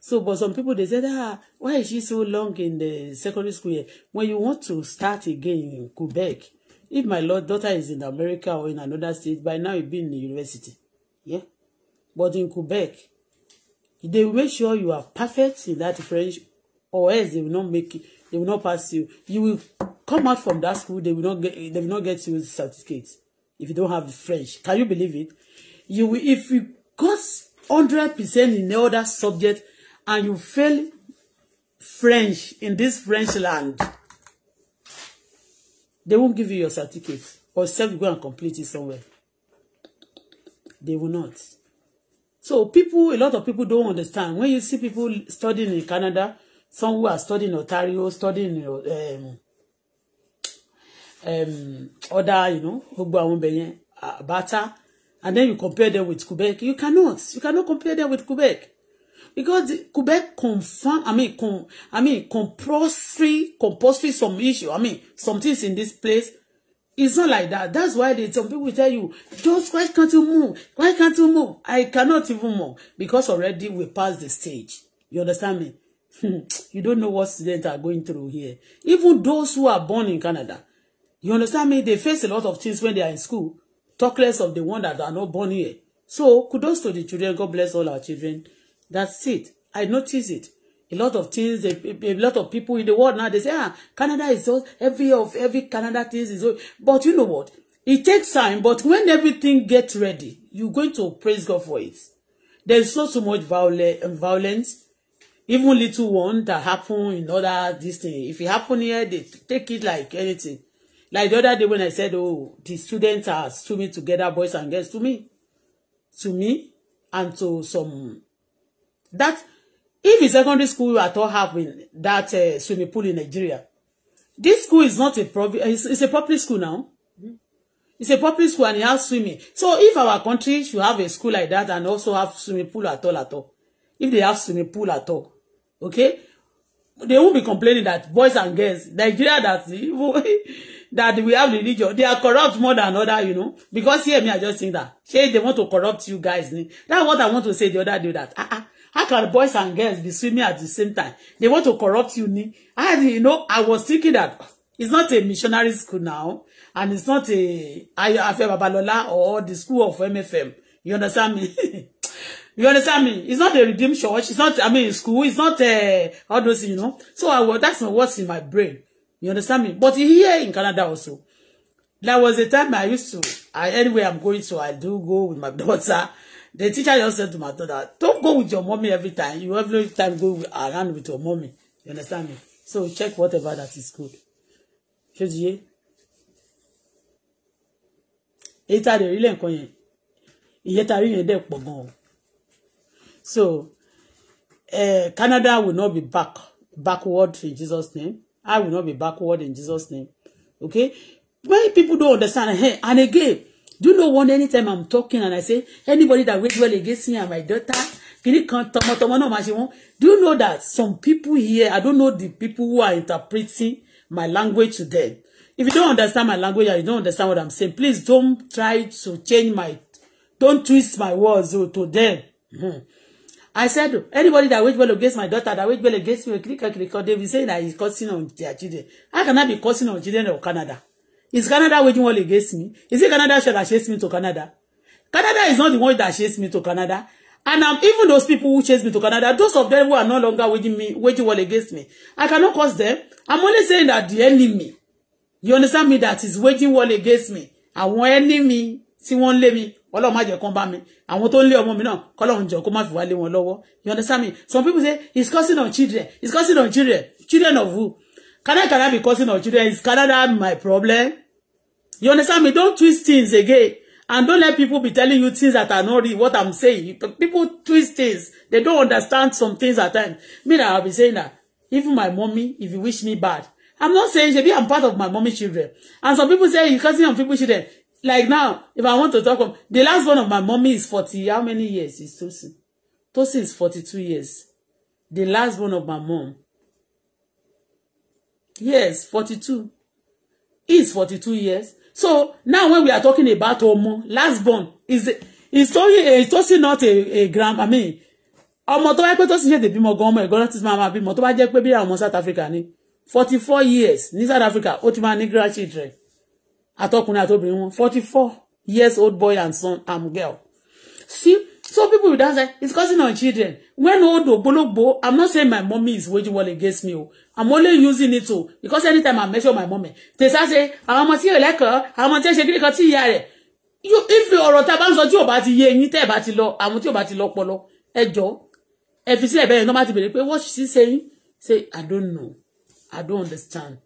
So, but some people they said, ah, why is she so long in the secondary school year? When you want to start again in Quebec, if my daughter is in America or in another state, by now you'd be in the university. Yeah. But in Quebec, they will make sure you are perfect in that friendship or else they will not make it they will not pass you you will come out from that school they will not get they will not get you the certificate if you don't have French can you believe it you will if you got hundred percent in other subject and you fail French in this French land they won't give you your certificate or self you go and complete it somewhere they will not So people, a lot of people don't understand. When you see people studying in Canada, some who are studying in Ontario, studying in um, um, other, you know, gbogbo Alberta, and then you compare them with Quebec, you cannot. You cannot compare them with Quebec. Because Quebec confirm, I mean, com, I mean, compulsory, compulsory some issue. I mean, some things in this place It's not like that. That's why they some people tell you, just why can't you move? Why can't you move? I cannot even move because already we passed the stage. You understand me? Hmm. you don't know what students are going through here. Even those who are born in Canada, you understand me? They face a lot of things when they are in school. Talk less of the ones that are not born here. So kudos to the children. God bless all our children. That's it. I notice it a lot of things a, a, a lot of people in the world now they say ah Canada is just every of every Canada things is all but you know what it takes time but when everything gets ready you're going to praise God for it There's is not so much um, violence even little one that happen in other this thing if it happen here they take it like anything like the other day when I said oh the students are swimming together boys and girls to me to me and to some that If in secondary school at all have in that uh, swimming pool in Nigeria, this school is not a public, it's, it's a public school now. Mm-hmm. It's a public school and it has swimming. So if our country should have a school like that and also have swimming pool at all at all, if they have swimming pool at all, okay, they won't be complaining that boys and girls, Nigeria that evil, that we have religion, they are corrupt more than other, you know, because here me, I just think that, say they want to corrupt you guys. That's what I want to say the other day that, ah, ah, How can boys and girls be swimming at the same time? They want to corrupt you. I, you know, I was thinking that it's not a missionary school now, and it's not a Afe Babalola or the school of MFM. You understand me? you understand me? It's not a redeemed church. It's not, I mean, school. It's not uh, all those, you know. So I was, that's not what's in my brain. You understand me? But here in Canada also, there was a time I used to, I, anyway, I'm going to, I do go with my daughter. The teacher just said to my daughter, don't go with your mommy every time. You every time go around with your mommy. You understand me? So check whatever that is good. Ṣojú yé. Èyí tá a lè rí lẹ́ǹkan yẹn. Ìyẹn tá a rí yẹn gan So uh, Canada will not be back backward in Jesus' name. I will not be backward in Jesus' name. Okay? Many people don't understand. Hey, and again, do you know one anytime i'm talking and i say anybody that wage well against me and my daughter kìnnì kan tọmọtọmọ náà máa ṣe wọn do you know that some people here i don't know the people who are interpreting my language to them if you don't understand my language and you don't understand what i'm saying please don't try to change my don't twist my words o oh, to them. Mm-hmm. I said, anybody that wait well against my daughter, that wait well against me, they be saying that he's cursing on their children. How can I be cursing on children of Canada? Is Canada waging war against me? Is it Canada that chase me to Canada? Canada is not the one that chased me to Canada. And um, even those people who chased me to Canada, those of them who are no longer waging me, waging war against me, I cannot cause them. I'm only saying that the enemy, you understand me, that is waging war against me. Àwọn enemy tí wọ́n lé mi, Ọlọ́run má jẹ́ kán bá mi. Àwọn tó ń lé ọmọ mi náà, kọ́lọ́run jọ̀ọ́ kó má fi wá lé wọn lọ́wọ́. You understand me? Some people say, it's cursing on children. It's cursing on children. Children of who? Can Canada cannot be causing our children. Is Canada my problem? You understand me? Don't twist things again. And don't let people be telling you things that are not real. What I'm saying. People twist things. They don't understand some things at times. Me I'll be saying that. Even my mommy, if you wish me bad. I'm not saying, maybe I'm part of my mommy's children. And some people say, you're cursing on people's children. Like now, if I want to talk, the last one of my mommy is 40. How many years is Tosin? Tosin is 42 years. The last one of my mom yes forty two is forty two years so now when we are talking about Omo, last born is is tosi is tosi not a a grand i mean ọmọ tó wáyé pé tó sì ṣètè bímọ gan ọmọ ẹ̀gbọ́n láti máa máa bímọ tó south africa ni forty four years ní south africa ó ti máa ní grandchildren àtọkùnrin àtobìnrin wọn forty four years old boy and son I'm girl see So people will dance like, it's causing our children. When old Ogbologbo, I'm not saying my mommy is waging war against me. I'm only using it to, because anytime I measure my mommy, they start say, àwọn ọmọ tí yóò lẹ́kọ̀ọ́, àwọn ọmọ tí yóò ṣe kíríkan tí ìyá You If you ta bá ń sọ tí ò bá ti yé yín tẹ́ ẹ̀ bá ti lọ, àwọn tí ò bá ti lọ pọlọ, ẹ jọ, ẹ fi sí what she's saying? Say, I don't know. I don't understand.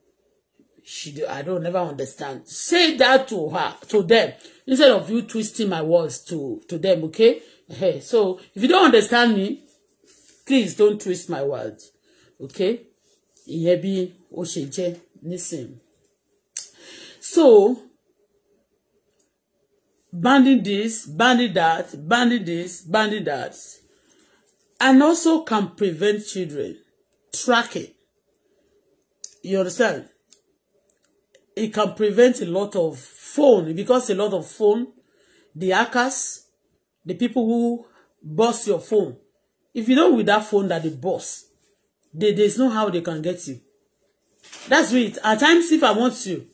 She, do, I don't never understand. Say that to her, to them, instead of you twisting my words to, to them, okay? Hey, so if you don't understand me, please don't twist my words. Okay? Ìyẹn bí ó So, banning this, banning that, banning this, banning that. And also can prevent children tracking. You understand? It can prevent a lot of phone because a lot of phone, the hackers, the people who bust your phone if you don't with that phone that they bust, they there's no how they can get you that's it at times if i want you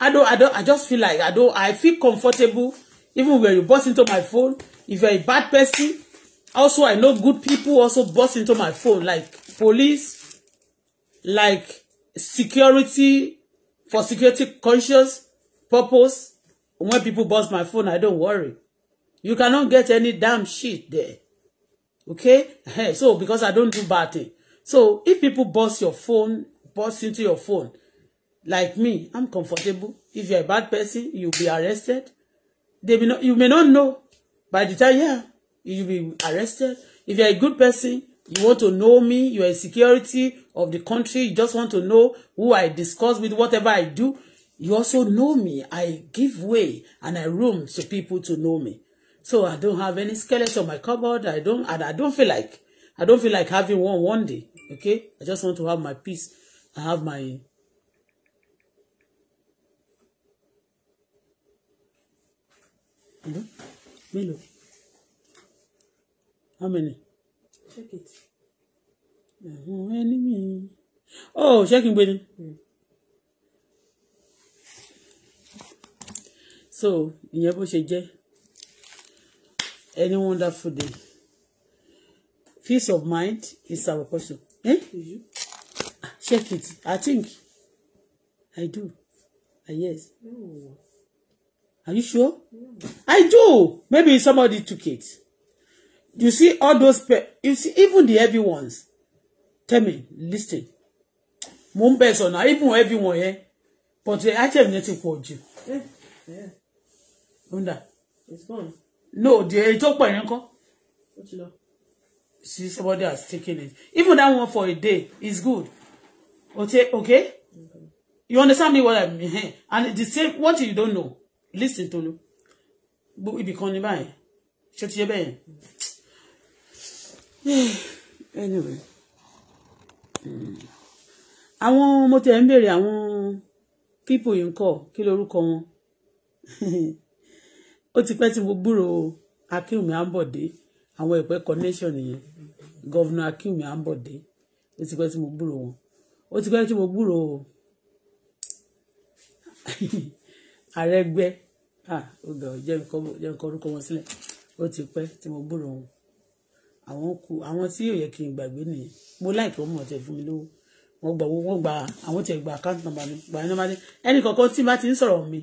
i don't i don't i just feel like i don't i feel comfortable even when you bust into my phone if you're a bad person also i know good people also bust into my phone like police like security for security conscious purpose when people bust my phone i don't worry You cannot get any damn shit there. Okay? so, because I don't do bad thing. So, if people bust your phone, bust into your phone, like me, I'm comfortable. If you're a bad person, you'll be arrested. They may not, you may not know. By the time, yeah, you'll be arrested. If you're a good person, you want to know me, you're a security of the country, you just want to know who I discuss with, whatever I do. You also know me. I give way and I room to people to know me. So I don't have any skeleton on my cupboard. I don't and I don't feel like I don't feel like having one one day. Okay? I just want to have my peace. I have my Hello? Mélòó? How many? Check it. Àwọn enemy. Oh, ṣé kí n gbé ni? Hmm. So, ìyẹn bó ṣe jẹ́. Any wonderful day. Peace of mind is our portion. Eh? Check ah, it. I think. I do. Uh, yes. No. Are you sure? No. I do. Maybe somebody took it. You see all those, pe you see even the heavy ones. Tell me, listen. Mo ń bẹ̀ even everyone one yẹn. But the item nothing for you. Yeah. Yeah. Wonder. It's gone lóòdì èyí tó pọ̀ yẹn kọ́ see somebody has taken it even that one for a day is good okay okay you understand me what I mean and the same what you don't know listen to me ibi kan ní báyìí ṣé ti yẹ bẹ́ẹ̀ anyway hmm. àwọn mo tẹ̀ ń béèrè àwọn people yìí ń kọ́ kí lorúkọ wọn. ó ti pẹ́ tí mo gbúrò akínwùmí àǹbọ̀dé àwọn ìpẹ́ connection nìyẹn gọ́vnà akínwùmí àǹbọ̀dé ó ti pẹ́ tí mo gbúrò wọn ó ti pẹ́ tí mo gbúrò àrẹ́gbẹ́ ah, ọgbà jẹ́ nǹkan orúkọ wọn sílẹ̀ ó ti pẹ́ tí mo gbúrò wọn àwọn kù àwọn tí yóò yẹ kí n gbàgbé nìyẹn mo láìpẹ́ wọn mọ̀ tẹ̀ fún mi lówó wọn gbà wọn gbà àwọn tẹ̀ gba account number mi gbà ẹni kọ̀ọ̀kan tí bá ti ń sọ̀rọ̀ mi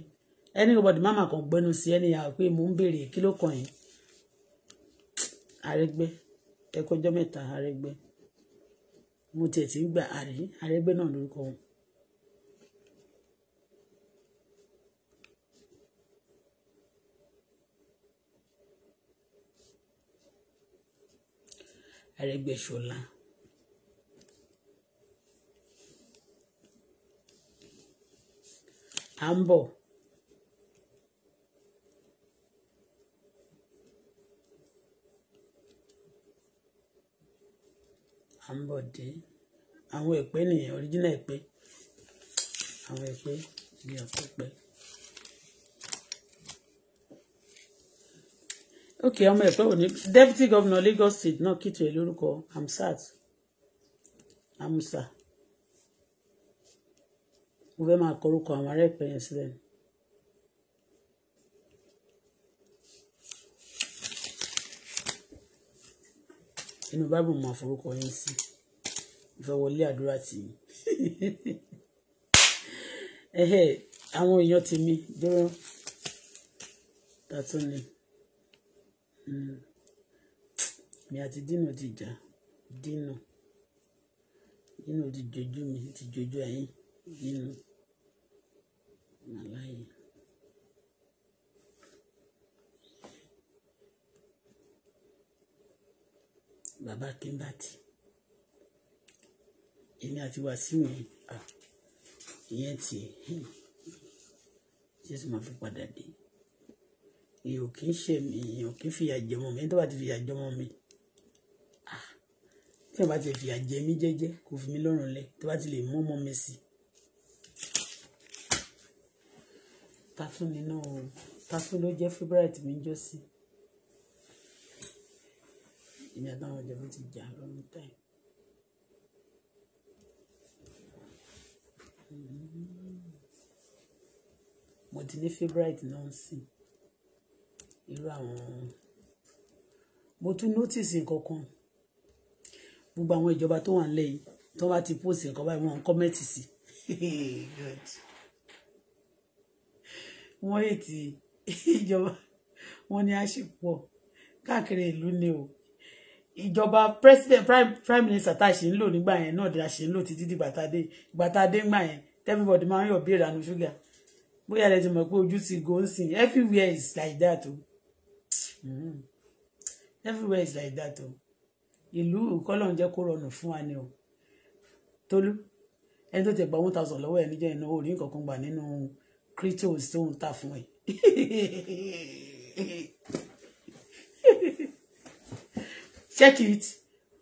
anybody mama kan gbẹnu sí ẹnìyàwó pé mò ń béèrè kí ló kàn yín àrẹgbẹ ẹ kọjọ mẹ́ta àrẹgbẹ mo tiẹ̀ ti gba àrí àrẹgbẹ náà lórúkọ wọn. Arẹ́gbẹ́ṣọlá à ń àǹbọ̀dé àwọn ẹ̀pẹ́ nìyẹn original ẹ̀pẹ́ àwọn ẹ̀pẹ́ bí ọ̀pẹ́ pẹ́. okay ọmọ ẹ̀pẹ́ òní deputy governor Lagos state náà kìtù ẹ̀ lórúkọ Hamsat Amusa mo fẹ́ máa kọ orúkọ àwọn ará ẹ̀pẹ́ yẹn sílẹ̀ ni. sínú báìbù máa forúkọ yín sí ìfọwọlé àdúrà tì í ẹhẹ àwọn èèyàn ti mi dúró tàtún ni hmm. mi àti dínà ti jà dínà dínà ti jojú mi ti jojú ẹ̀yin dínà màláyé. bàbá Akínbàtì èmi àti Wàsíù mi ìyẹn ti hmm, jésù máa fi padà dé èèyàn kì í ṣe mi èèyàn kì í fìyà jẹmọ mi tó bá ti fìyà jẹmọ mi tí wọn bá ti fìyà jẹ mí jẹ́jẹ́ kò fi mí lọ́rùn lẹ tó bá ti lè mú ọmọ mi sí tatún nínú tatún ló jẹ́ favourite mi jọ sí i èmi àtàwọn ọ̀jọ̀gbọ́n ti jà lọ́nà táì. mo ti ní favourite náà sí irú àwọn mo tún notice nǹkan kan gbogbo àwọn ìjọba tó wà nílẹ̀ yìí tó bá ti post nǹkan báyìí wọ́n comment sí wọ́n ètì ìjọba wọ́n ní àṣepọ̀ káàkiri ìlú ni o ìjọba president prime prime minister tá a ṣe ń lò nígbà yẹn náà la ṣe ń lò títí gbàtàdé gbàtàdé ńgbà yẹn everybody máa ń yọ bí ìrànú ṣúgà bóyá ẹ ti mọ̀ pé ojú ti go ń sìn everywhere is like that o mm. everywhere is like that o ìlú kọ́lọ́n jẹ́ kó rọrùn fún wa ni o tolú ẹni tó ti gba one thousand lọ́wọ́ ẹ̀ níjẹ́ iná orí nǹkan kan gbà nínú cryptos tó ń tà fún ẹ. check it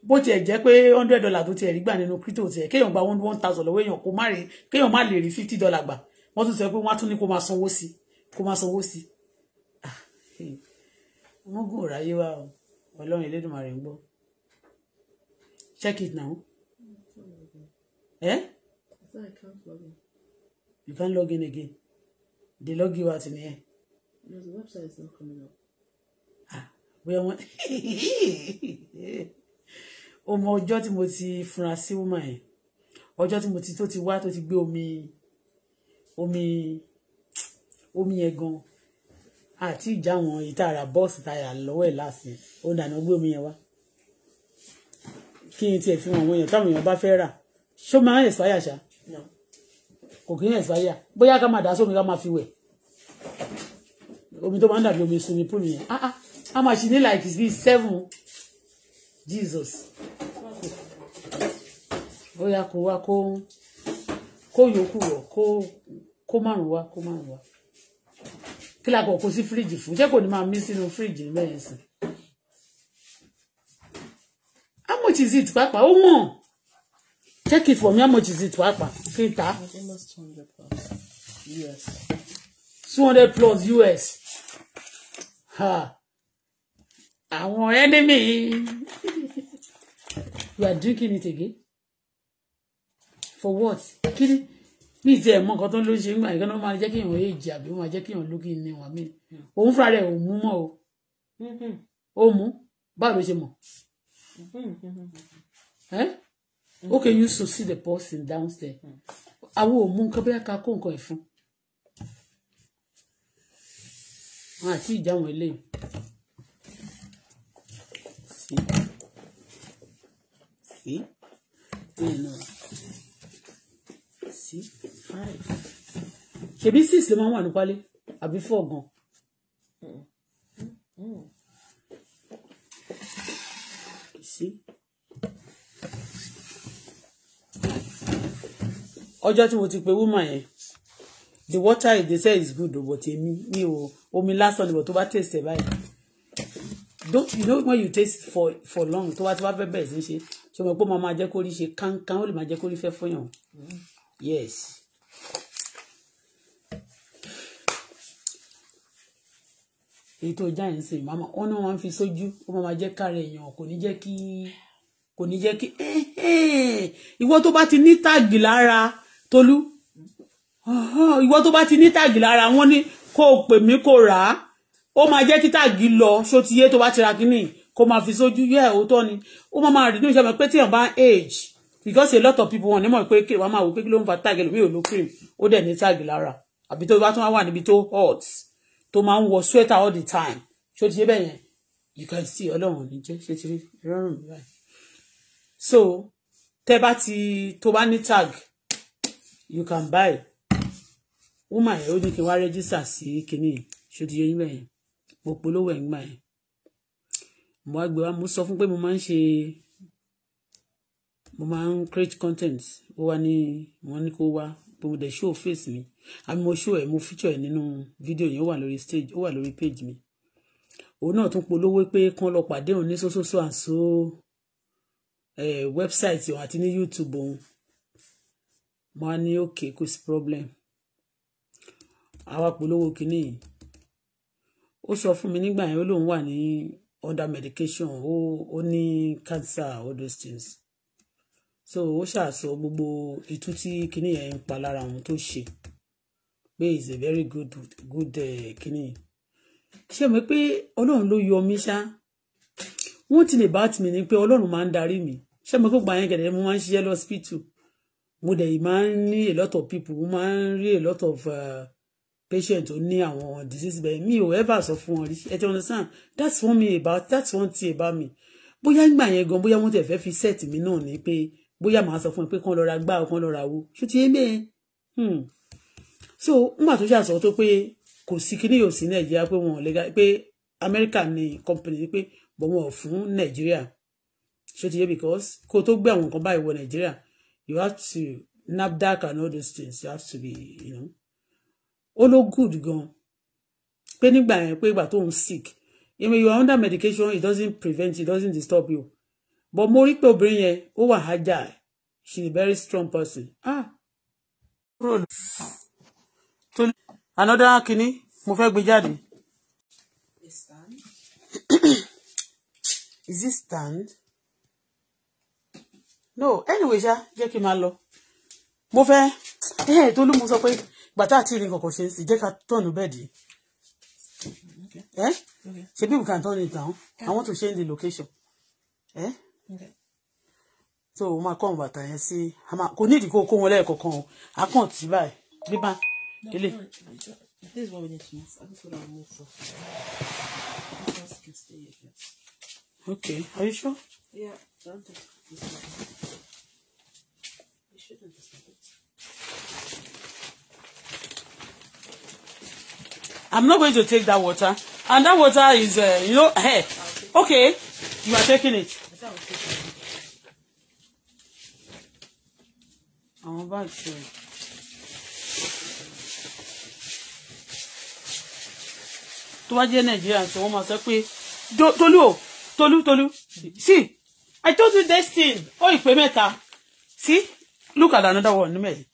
bó tiẹ̀ jẹ́ pé hundred dollar tó tiẹ̀ rí gbà nínú crypto tiẹ̀ kéèyàn gba one one thousand lọ́wọ́ èèyàn kó má rí kéèyàn má lè rí fifty dollar gbà wọ́n tún sọ pé wọ́n á tún ní kó máa sanwó sí kó máa sanwó sí. wọ́n ah, gùn ráyé wa o ọlọ́run Elédùmarè ń gbọ́ check it now. Eh? So I can't log in. You can't log in again. They log you out in the website is not coming up bóyá wọn o mọ ọjọ́ tí mo ti fura sí woman yẹn ọjọ́ tí mo ti tó ti wá tó ti gbé omi omi omi yẹn gan àti ìjà àwọn ìtara bọ́ọ̀sì táyà lọ́wọ́ ẹ̀ láàsì ó dànù gbé omi yẹn wá kí n tiẹ̀ fi wọn àwọn èèyàn táwọn èèyàn bá fẹ́ rà ṣó máa ń ẹ̀sìpáyà ṣá kò kí ń ẹ̀sìpáyà bóyá ká máa dá sómi ká máa fi wẹ̀ omi tó máa ń dàbí omi sunmi púùlù yẹn ah, ah. How much you need like is this? Seven. Jesus. Oh, yeah, wá kó kó yòókù wọ̀ kó kó márùn wá kó márùn wá. Kí la kọ̀ kó sí fíríjì fún? Ṣé kò ní máa mí sínú fíríjì ní How much is it Papa? Oh, wọ̀n. Check it for me. How much is it Papa? Kí Almost two hundred plus US. Two hundred plus US. Ha. Our enemy you are drinking it again for what kiri ní ìtì ẹ̀mọ́ nǹkan tó ń ló ṣe nígbà ìgbà náà máa jẹ́ kí èèyàn èjì àbí wọ́n máa jẹ́ kí èèyàn lókè ní wọn mí òun fúnra rẹ̀ ò mú mọ́ o ó mú báwo ló ṣe mọ̀ okay you so see the person downstairs àwọn ò mú nǹkan bóyá ká kó nǹkan ẹ̀ fún wọn àti ìjà wọn eléyìí. See? See? Yeah, no. See? Five. Ṣebí six ló máa ń wà ní pálí àbí four gan. See? ọjọ́ tí mo ti pe woman yẹn the water they say is good but èmi mi ò omi lásán ni bọ̀ tó bá taste ẹ̀ báyìí don't you know when you taste for for long tó wá tí wá fẹ́ bẹ̀rẹ̀ sí ṣe ṣe mọ̀ pé mo máa jẹ́ kó rí ṣe kánkán ó lè máa jẹ́ kó rí fẹ́ fọyàn yes. èyí tó já yẹn sìn màmá wọn náà wọn fi sójú ó máa jẹ́ kárẹ̀ èèyàn kò ní jẹ́ kí kò ní jẹ́ kí ìwọ tó bá ti ní táàgì lára Tolú ìwọ tó bá ti ní táàgì lára wọn ni kó o pè mí kó rà á ó máa jẹ́ kí táàgì lọ So ti yé tó bá ti ra kínní kó máa fi sójú yẹ òótọ́ ni ó máa máa rí ní ìṣẹ́ mi pé tíyàn bá age because a lot of people wọn ní mọ̀ pé kí wọ́n máa wò pé kí ló ń fa táàgì lómi ò ló cream ó dẹ̀ ní táàgì lára àbí tó bá tún wà níbi tó hot tó máa ń sweater all the time So ti yé bẹ́ẹ̀ yẹn you can see ọlọ́run ní jẹ́ ṣe ti rí rọrùn so tẹ bá ti tó bá ní tag you can buy woman yẹn ó ní kí wá register sí kinní ṣó ti yé yín bẹ́ẹ̀ mo polówó ẹ̀ ń gbà yẹn mo wá wa mo sọ fún pé mo máa ń ṣe mo máa ń create content ó wá ní wọ́n ní kó wá mo dẹ̀ show face mi àmì mo show ẹ̀ mo feature ẹ̀ nínú fídíò yẹn ó wà lórí stage ó wà lórí page mi òun náà tún polówó pé kán lọ pàdé òun ní sósósó àṣọ eh, website òun àti ní YouTube òun mo á ní òkè kò sí problem àwa polówó kìíní yìí ó sọ fún mi nígbà yẹn ó lóun wà ní under medication ó ó ní cancer all those things so ó ṣàṣọ gbogbo itú tí kinní yẹn ń pa lára òun tó ṣe pé is a very good good uh, kinní ṣe mọ̀ pé ọlọ́run ló yọ mí ṣá wọ́n ti lè bá tì mí ni pé ọlọ́run máa ń darí mi ṣe mọ̀ pé gbàyẹn gẹ̀dẹ̀ mo máa ń ṣiṣẹ́ lọ́sípítù mo dẹ̀ máa ń ní a lot of people mo máa ń rí a lot of. Uh, patient tó ní àwọn disease bẹ́ẹ̀ mi ò ever sọ fún wọn rí ẹ ti understand that's one me about that's one thing about me bóyá ń gbà yẹn gan bóyá wọ́n tẹ̀ fẹ́ fi set mi náà ni pé bóyá màá sọ fún ẹ pé kán lọ ra gbá o kán lọ ra wo ṣó ti yé mẹ́ẹ̀ hmm. so ńgbà tó ṣàṣọ tó pé kò sí kíní yóò sí nàìjíríà pé wọn lè ga pé amẹ́ríkà ni company pé bọ̀ wọn ò fún nàìjíríà ṣó ti yé because kó o tó gbé àwọn nǹkan báyìí wọ nàìjíríà you have to NAFDAC and all those things you have to be you know, ó ló good gan pé nígbà yẹn pé ìgbà tó ń sick ìmọ̀ you are under medication it doesn't prevent it doesn't disturb you but mo rí pé obìnrin yẹn ó wà ájà she is a very strong person ah another kini mo fẹ́ gbé jáde. is it stand? no anyway ṣá jẹ́ kí n máa lọ mo fẹ́ eh, Tolú mo sọ pé gbàtà àti ìrìn kọ̀ọ̀kan ṣe ń sì jẹ́ ká tọ̀nù bẹ́ẹ̀dì eh Okay. So people can turn it down i want to change the location eh okay. so o máa kọ́ àwọn bàtà yẹn sí kò ní ìdíkó go come lẹ́ẹ̀kọ̀ọ̀kan o àkàǹtì báyìí bíbá délé. This is what we need to move. This is what I move for. Okay. Are you sure? Yeah. Don't You shouldn't. I'm not going to take that water. And that water is, uh, you know, hey, okay, you are taking it. Àwọn about ṣe. Tó bá jẹ́ Nàìjíríà sọ wọ́n máa Tolu, Tolu. see I told you this thing Oh, you ìpè mẹ́ta see look at another one nímẹ̀lẹ́.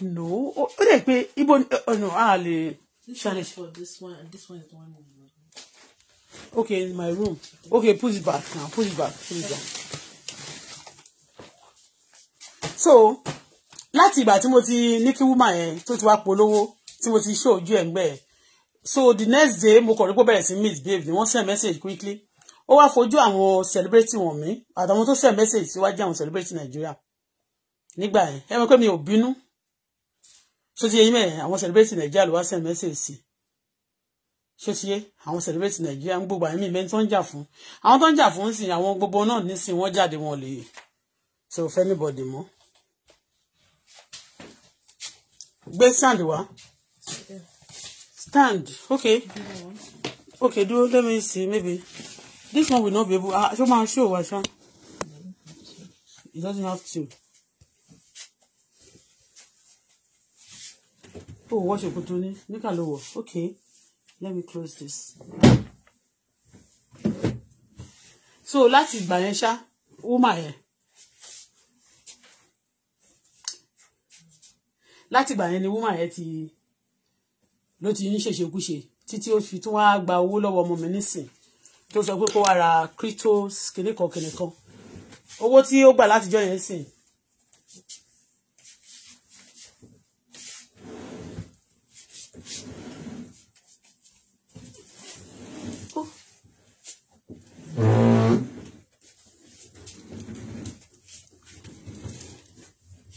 no ó dẹ̀ pé ibo no, Ali. this one is for this one and this one is the one in my room. okay in my room okay put it back now put it back put it back. so láti ìgbà tí mo ti ní woman yẹn tó ti wá polówó tí mo ti ṣe ojú ẹ̀ ń gbẹ̀ ẹ̀ so the next day mo kàn rí pé bẹ̀rẹ̀ sí misbehave ni wọ́n send message quickly ó wá fojú àwọn celebrity wọn mi àtàwọn to send message síwájú àwọn celebrity Nàìjíríà nígbà yẹn ẹ mọ̀ pé mi ò bínú ṣó ti yé yín mẹ́rin àwọn celebrate nàìjíríà ló wá send message sí ṣó ti yé àwọn celebrate nàìjíríà ń gbogbo àmì ìmẹ́ni tó ń jà fún àwọn tó ń jà fún sìn àwọn gbogbo náà nísìn wọ́n jáde wọn lè ṣe ò fẹ́ anybody mọ́ gbé stand wá stand okay okay dúró let me see maybe this one will not be able ah ṣó máa ṣó wá ṣá it doesn't have to. Oh, ó wọ́ ṣòkòtò ní níkà ló wọ̀ okay let me close this. so láti is yẹn ṣá wúmà yẹn láti ìgbà yẹn ni wúmà yẹn ti ló ti ń ṣèṣekúṣe títí ó fi tún wá gba owó lọ́wọ́ ọmọ mi nísìn tó sọ pé kó wá ra cryptos kìnnìkan kìnnìkan owó tí ó gbà látijọ́ yẹn sìn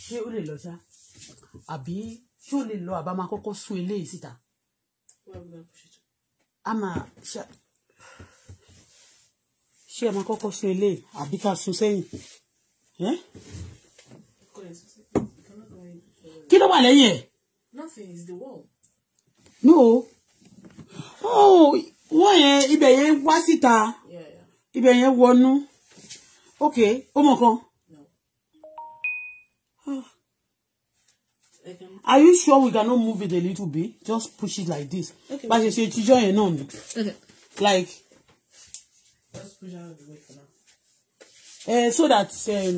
ṣé ó lè lọ ṣá àbí ṣé ó lè lọ àbá máa kọ́kọ́ sún eléyìí síta a máa ṣé ẹ máa kọ́kọ́ sún eléyìí àbí ká sún sẹ́yìn kí ló wà lẹ́yìn ẹ̀. nothing is the wall. no oh wọ́n yẹn ibẹ̀ yẹn wá síta ibẹ̀ yẹn wọnú ok ó mọ̀ kan. Are you sure we cannot move it a little bit? Just push it like this. Okay. But you say teacher you know. Okay. Like Let's Uh, so that um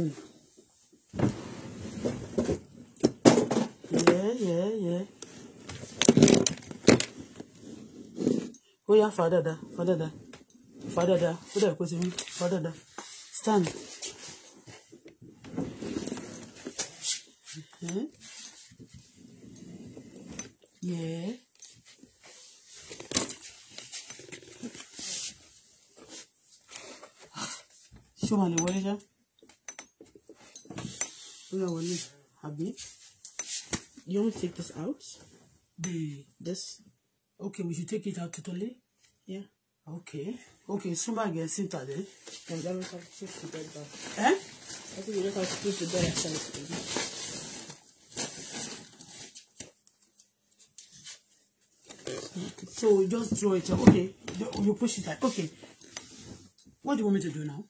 Yeah, yeah, yeah. Oh yeah, father, father. Father, dáadáa ó dàbí kó ti mú fà stand. Mm-hmm. Yeah. Show me the lè wọlé ṣá ó yà wọlé you want to take this out the this okay we should take it out totally yeah. Okay. Okay, somebody gets it today. And then we have to push the bed back. Eh? I think we don't have to push the bed at some okay. So just draw it up. Okay. You push it back. okay. What do you want me to do now?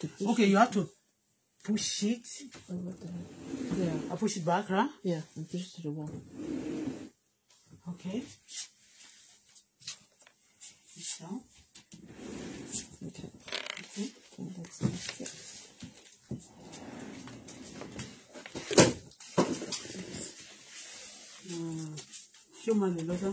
To okay, you have to push it. Yeah. I push it back, right? Yeah, and push it to the wall. Okay. 그렇 아, 음, 좀만 눌러서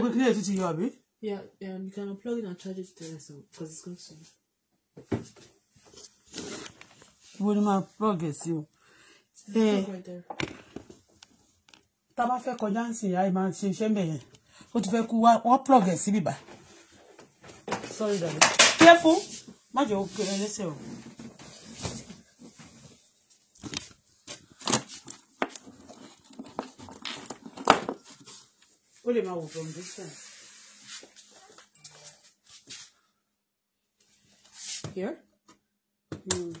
dà pé kílẹ̀ tún ti yọ yeah um, you can unplug it and charge it to the rest because it's going to. What am I plug you? sí Taba fe a bá fẹ́ kọjá ń sìn yáa máa ṣe iṣẹ́ mbẹ̀ ti fẹ́ kú wá wọ́n plug ẹ̀ sí bíbá. sorry darling. careful má jẹ́ òkè ẹlẹ́sẹ̀ o. lè máa wò from distance. Here. Mm.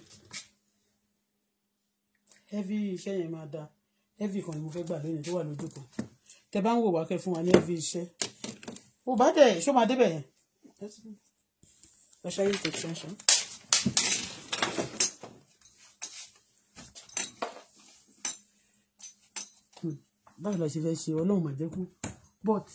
Heavy iṣẹ́ yẹn máa da. Heavy kan ni mo fẹ́ gbà lónìí tó wà lójú kan. Tẹ bá ń wò wá kẹ́ fún wa ní heavy iṣẹ́. O bá dẹ̀ ṣó máa débẹ̀ yẹn. Special use extension. báwo la ṣe fẹ́ ṣe ọlọ́run mà but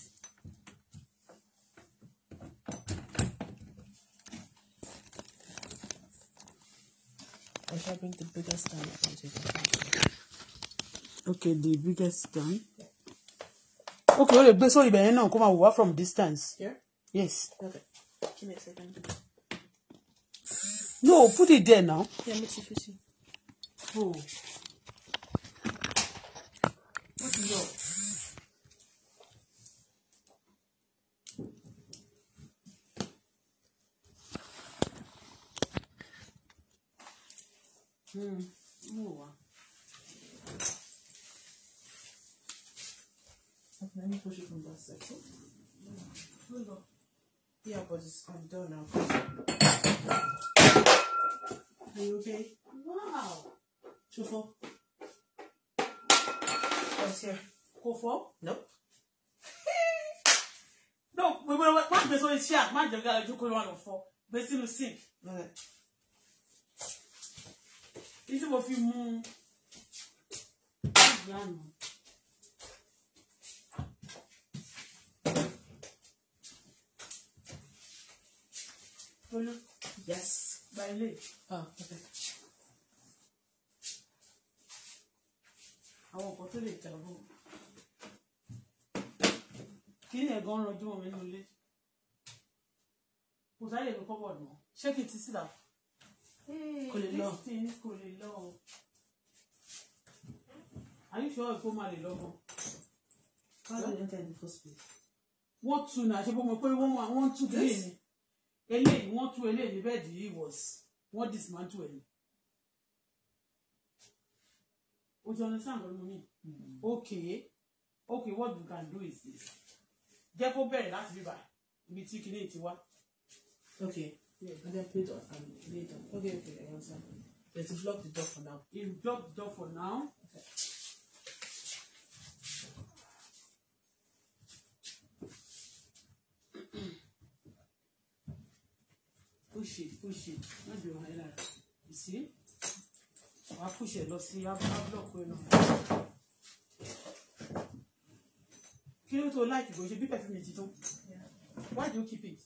I shall the biggest stand Okay, the biggest stand. Okay, ó lè gbé sórí ibẹ̀ yẹn náà from distance. Here? Yes. Okay. Give me a second. No, put it there now. Yeah, mo ti fi Oh. door now. Are you okay? Wow. Chufo. What's here? Kofo? Nope. no, we will. Má gbé sórí chair. Má jẹ́ ká ojú kó lọ́nà fọ́. Gbé sínú sink. ojú mi nínú ilé kò sáyè ló kọ́ bọ̀dù mọ́ ṣé kì í ti síta kò lè lọ kò lè lọ o àyíṣe ọ̀ ìkó máa lè lọ gan. how do you the first place. wọ́n tu náà ṣe bó mọ̀ pé wọ́n wọ́n tú green ni eléyìí wọ́n tú eléyìí bẹ́ẹ̀ dì í wọ́n dismantle ẹ̀ o jọ understand what I mean hmm. okay okay what we can do is this jẹ́ kó bẹ̀rẹ̀ láti bíbà ibi tí kìnìún ti wá. okay yeah. and then play on and um, play on okay okay i understand but you block the door for now. you block the door for now. Okay. push it push it no be wahala you see wa push it lọ sí abúlé ọkọ ẹ lọ kí ló tó láìkì kò ṣe bí perfume ti tán why do you keep it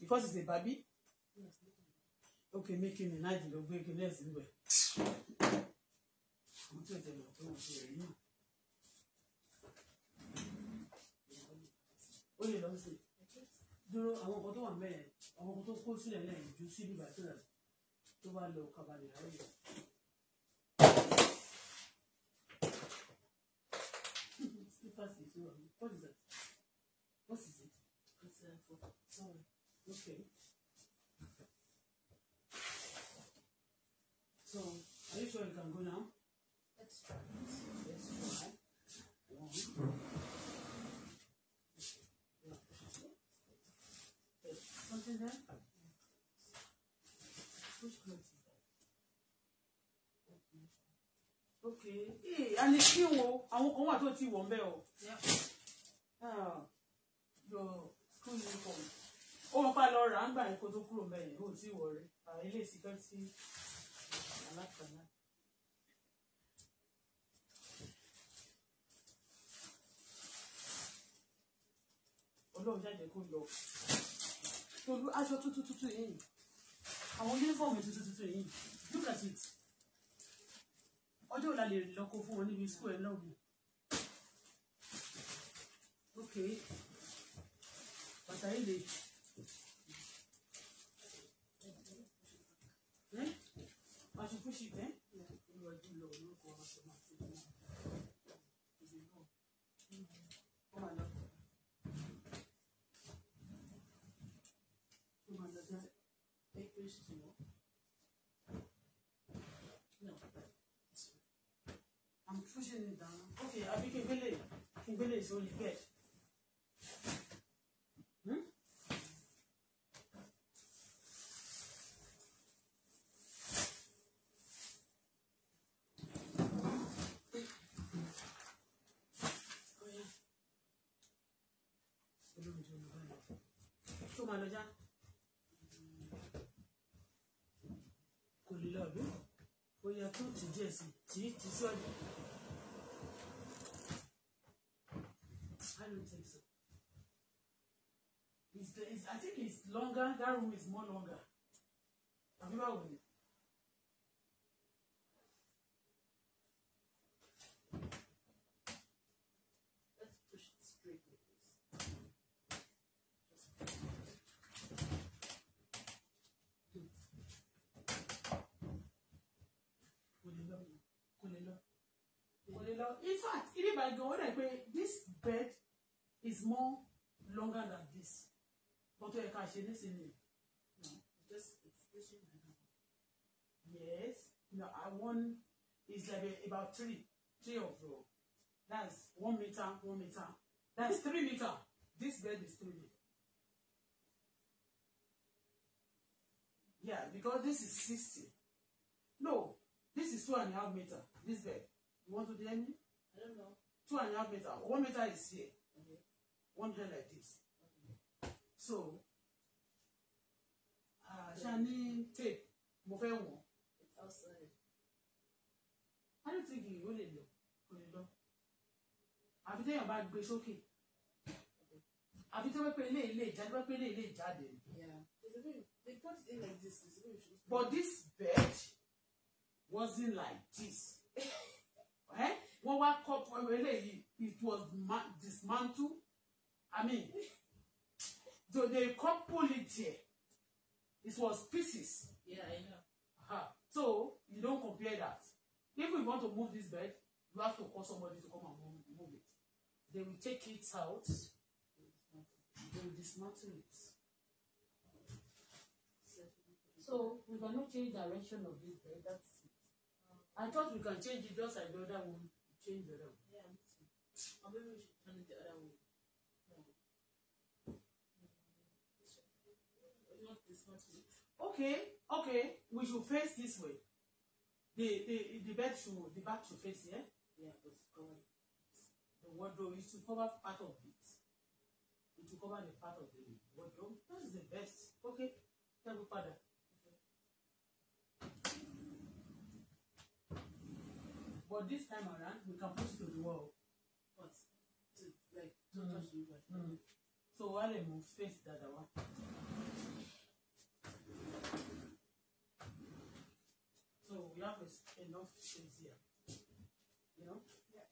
because it's a baby okay make me náà jùlọ gbé kí lẹ́sìn gbẹ àwọn tó jẹ lọ pé wọn ti rẹ náà ó lè lọ sí dúró àwọn ọkọ tó wà mẹ́rin àwọn ọkọ tó kó sílẹ̀ lẹ́yìn ju síbi bàtúrà tó bá lọ kábàlì ráyè. first is What is it? What is it? It's uh, sorry. Okay. So, are you sure you can go now? and it's still wo oh. àwọn kan wà tó ti wọ̀ ń bẹ̀ o oh. ah, your school uniform ó wọn pa lọ rà á ń gbà kó tó kúrò mbẹ yẹn ó ti wọ̀ rẹ̀ ah, ilé security alákànná. ọlọ́run jáde kó lọ pẹ̀lú aṣọ tuntun tuntun yìí àwọn uniform tuntun tuntun yìí look at it ọjọ́ òla lè rìn lọ́kọ fún wọn níbi school ẹ̀ náà mi ok bàtà yìí lè. Acho que puxi Thank you. kí n gbélé sórí bẹ́ẹ̀. Hmm? tó máa lọ kò lè lọ bí ó yẹ tó tì díẹ̀ sí tì í tì síwájú. I don't think so. It's, it's, I think it's longer. That room is more longer. Have you ever? Let's push it straight with In fact, ibi ìbàdàn ó dẹ̀ this bed more longer than this but This ká ṣe No, just expression yes no i want is like about three three of them that's one meter one meter that's three meter this bed is three meter yeah because this is sixty no this is two and a half meter this bed you want to tell me i don't know two and a half meter one meter is here one day like this so ah, ṣá ní tape mo fẹ́ wọ̀n i don't think ìyó lè lọ kò lè lọ àfi téèyàn bá gbé sókè àfi tí wọ́n pe ilé ilé ìjáde wọ́n pe ilé ilé ìjáde. but this bed wasn't like this. Eh? wọ́n wá kọ́ eléyìí it was dismantled I mean, so they couple it here. It was pieces. Yeah, I know. Uh-huh. So you don't compare that. If we want to move this bed, you have to call somebody to come and move, move it. They will take it out. They will dismantle it. So we cannot change direction of this bed. That's it. I thought we can change it just like the other one. Change the other one. Yeah, I'm Or maybe we should turn it the other way. okay okay we should face this way the the the bed should the back should face here yeah it's covered the wardrobe is to cover part of it it will cover the part of the wardrobe that is the best okay tell me father. But this time around, we can push to the wall. But To like to mm. touch you guys. Mm. So while I move, face that one. So we have enough space here. You know? Yeah.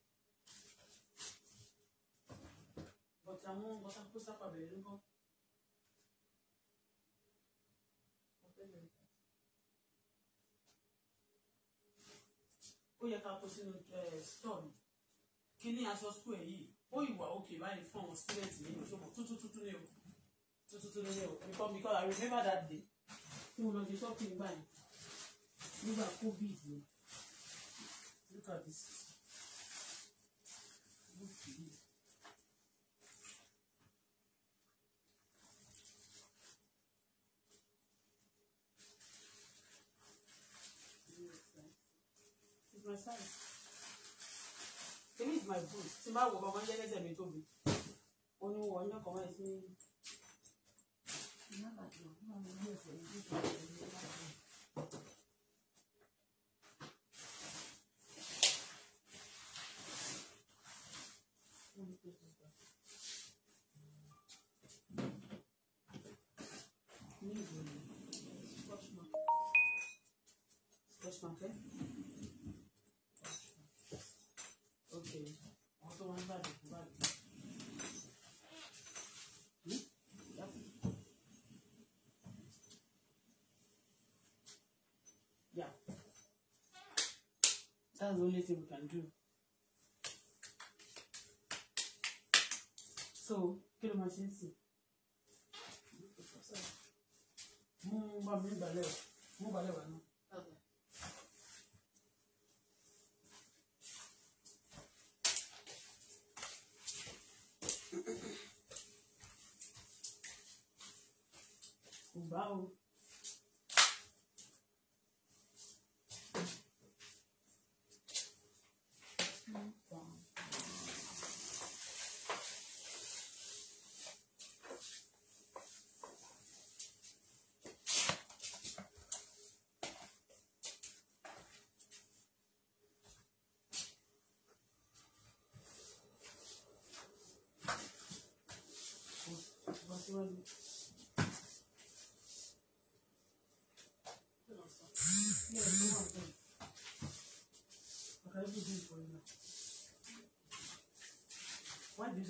But I'm nǹkan tá a kó sápà bẹ̀rẹ̀ ló kọ́. Ó yẹ ká kó sínú store mi. Kíní aṣọ school ẹ̀ yìí, ó ìwà òkè báyìí fún àwọn students ní ìṣòwò tútútútú ní o. Tútútú ní o. Because because I remember that day. Tí mo lọ ṣe shopping báyìí nígbà covid ni look at this look at this. my size. This is my boot. Tí n bá wọ bàbá ń jẹ́ lẹ́sẹ̀ mi tóbi. Ó ní wọ̀ ọ́nyán kan wáyé sí. Ìyá bàjẹ́ òun náà ló ń gbé ẹsẹ̀ mi tó tóbi. Watchman fẹ́. Eh? ok àwọn tó wọn gbàdúrà fún gbàdúrà. Yeah. That's the only thing we can do. so kill my máa ṣe ń sìn mú bá mi balẹ̀ mú balẹ̀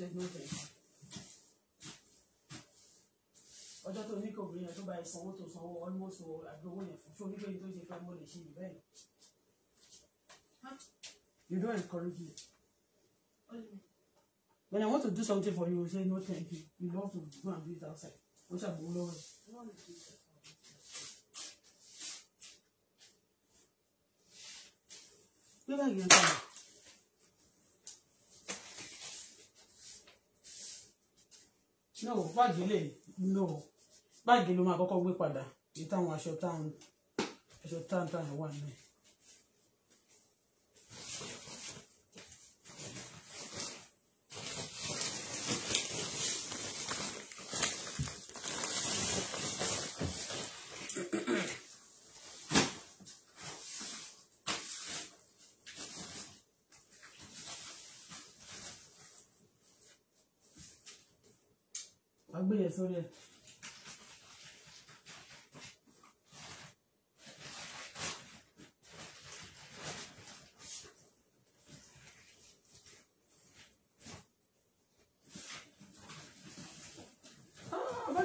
said no thanks ọjọ́ tó ní kò bí yẹn tó bá ìsanwó tó sanwó almost àgbowó yẹn fún ṣóní lóyún tó ṣe fẹ́ mo lè ṣe ìbẹ́ yìí. you don't encourage me. when I want to do something for you you say no thank you you love to go and do it outside ó ṣàgbọ́n lọ́wọ́. gbé báyìí ń sọ̀rọ̀. no báàgì lè no báàgì ló máa kọ́kọ́ gbé padà èyí táwọn aṣọ táwọn aṣọ táwọn táwọn wà nílẹ̀. díẹ̀ sórí ẹ̀.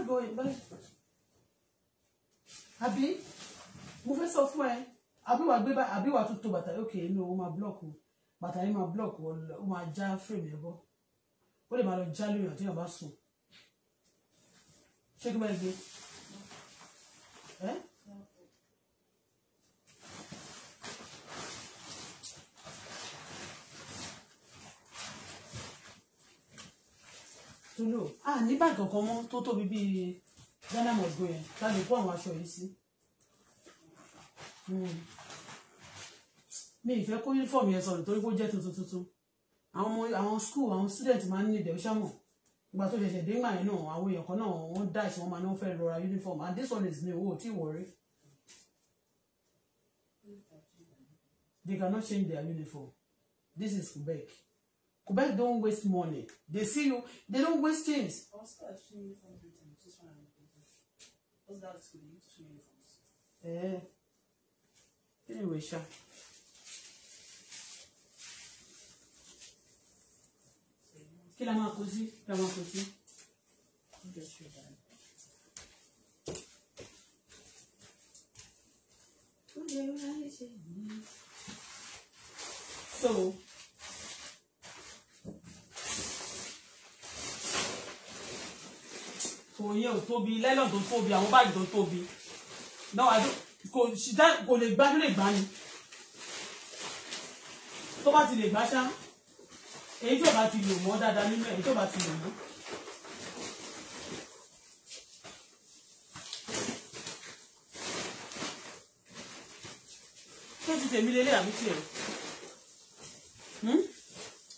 going bẹ́ẹ̀. àbí mo fẹ́ sọ fún ẹ àbí wàá gbé báyìí àbí wàá tún to bàtà òkè inú o máa blọ́ọ̀kù bàtà yìí máa blọ́ọ̀kù ó máa já fèrèmí ẹ ṣé kí bẹ́ẹ̀ gbé ẹ́. tulu a ní báàgì ọkọ mọ tó tóbi bíi ghana mọgbó yẹn ta lè kó àwọn aṣọ yìí sí hmm. mi ìfẹ́ kó uniform yẹn sọ̀rọ̀ torí kó jẹ́ tuntun tuntun àwọn ọmọ school àwọn student máa ń nílẹ̀ ó ṣàmọ̀ ìgbà tó ṣẹ̀ṣẹ̀ dé ìgbà yẹn náà àwọn èèyàn kan náà wọ́n dá ìsìn wọn máa ní wọ́n fẹ́ lọ uniform and this one is new owó tí wọ́n they cannot change their uniform this is Quebec Quebec don't waste money they see you they don't waste things. What's that school? You eh. Anyway, sure. kí la máa kó sí kí la máa kó sí. So kò yẹ ò tóbi lẹ́lọ́n tó tóbi àwọn báyìí tó tóbi náà kò lè gbá ló lè gbá ni tó bá ti lè gbá ṣáá èyí tó bá ti lò mọ́ dáadáa nínú èyí tó bá ti lò mọ́. ṣé ti tèmi lélẹ̀ àbí tiẹ̀? Hmm?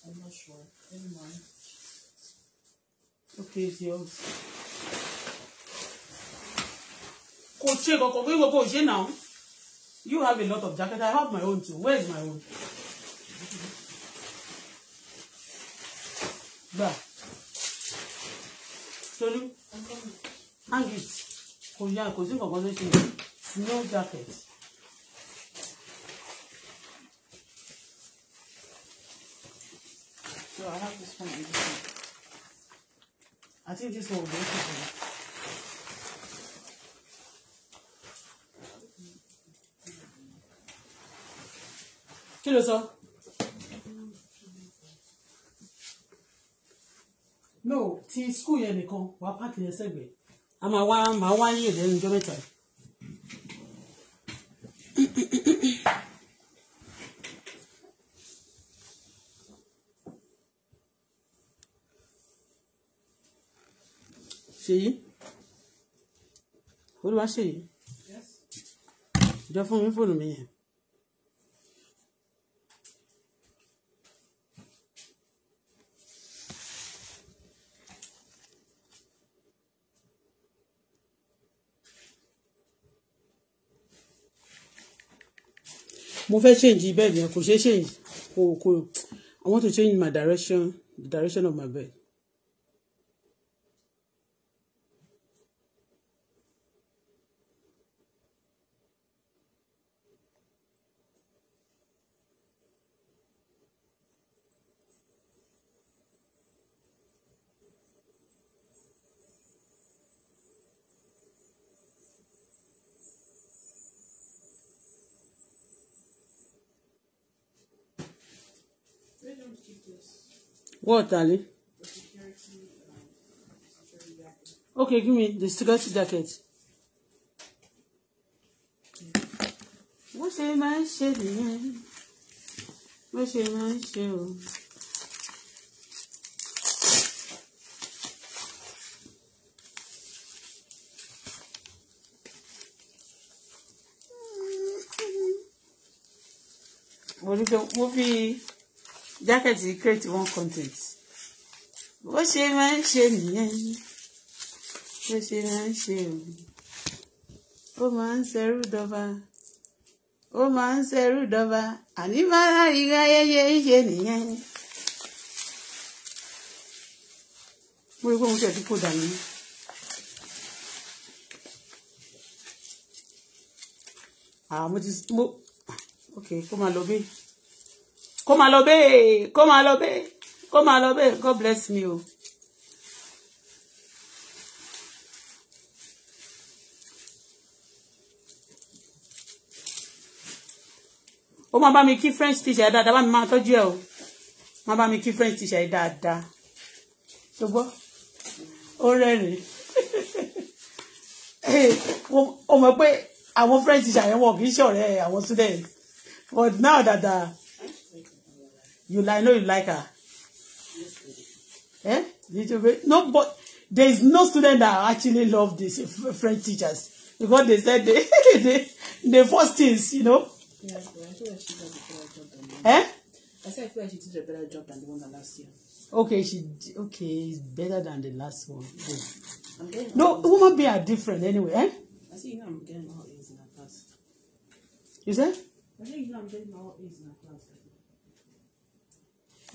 I'm not sure. Never mind. Okay, it's yours. Kò ṣe kọ̀kọ̀ bí gbogbo òṣè náà. You have a lot of jacket. I have my own too. Where is my own? gbà Tolu hang it kò yá kò sí nǹkan kan tó ṣe snow jacket. So I have this one I think this one will be okay kí ló sọ. no ti school yẹn nìkan wàá páàkì yẹn sẹ́gbẹ̀ẹ́ a máa wá máa wá yín èdè ẹnu ọjọ́ mẹ́ta yìí. ṣèyí olúwa ṣèyí jọ fún mi fóònù mi yẹn. mo fẹ́ change bed yẹn kò ṣeé change kò kò I want to change my direction the direction of my bed What, Ali? Okay, give me the security jacket. What's in my ń What's in my shoe? What is ṣe movie? jákẹ́tì create one content bó ṣe máa ń ṣe nìyẹn bó ṣe máa ń ṣe o ó máa ń ṣerú dọba ó máa ń ṣerú dọba àní máa rárí ayẹyẹ ń ṣe nìyẹn. mo rí i pé mo ṣe àdúgbò dàní. àmọ́ ti mo ok kó máa lọ bí. Come máa lọ bẹ́ẹ̀ kó máa lọ bẹ́ẹ̀ kó God bless me oh. Oh. my máa keep french teacher dáadáa bá mi máa tọ́jú ẹ̀ o máa bá mi kí french teacher what? tó gbọ́ ó oh, my boy. I want french teacher I want wọ̀ kì í I want students but now dáadáa. You like, know you like her. Eh? Little bit. No, but there is no student that actually love these eh, French teachers because they said they they, they force things, you know. Eh? I said I feel like she did a better job than the one that last year. Okay, she okay is better than the last one. Yeah. No, woman be are different anyway, eh? I see you know I'm getting all A's in her class. You said? I think you know I'm getting all A's in her class.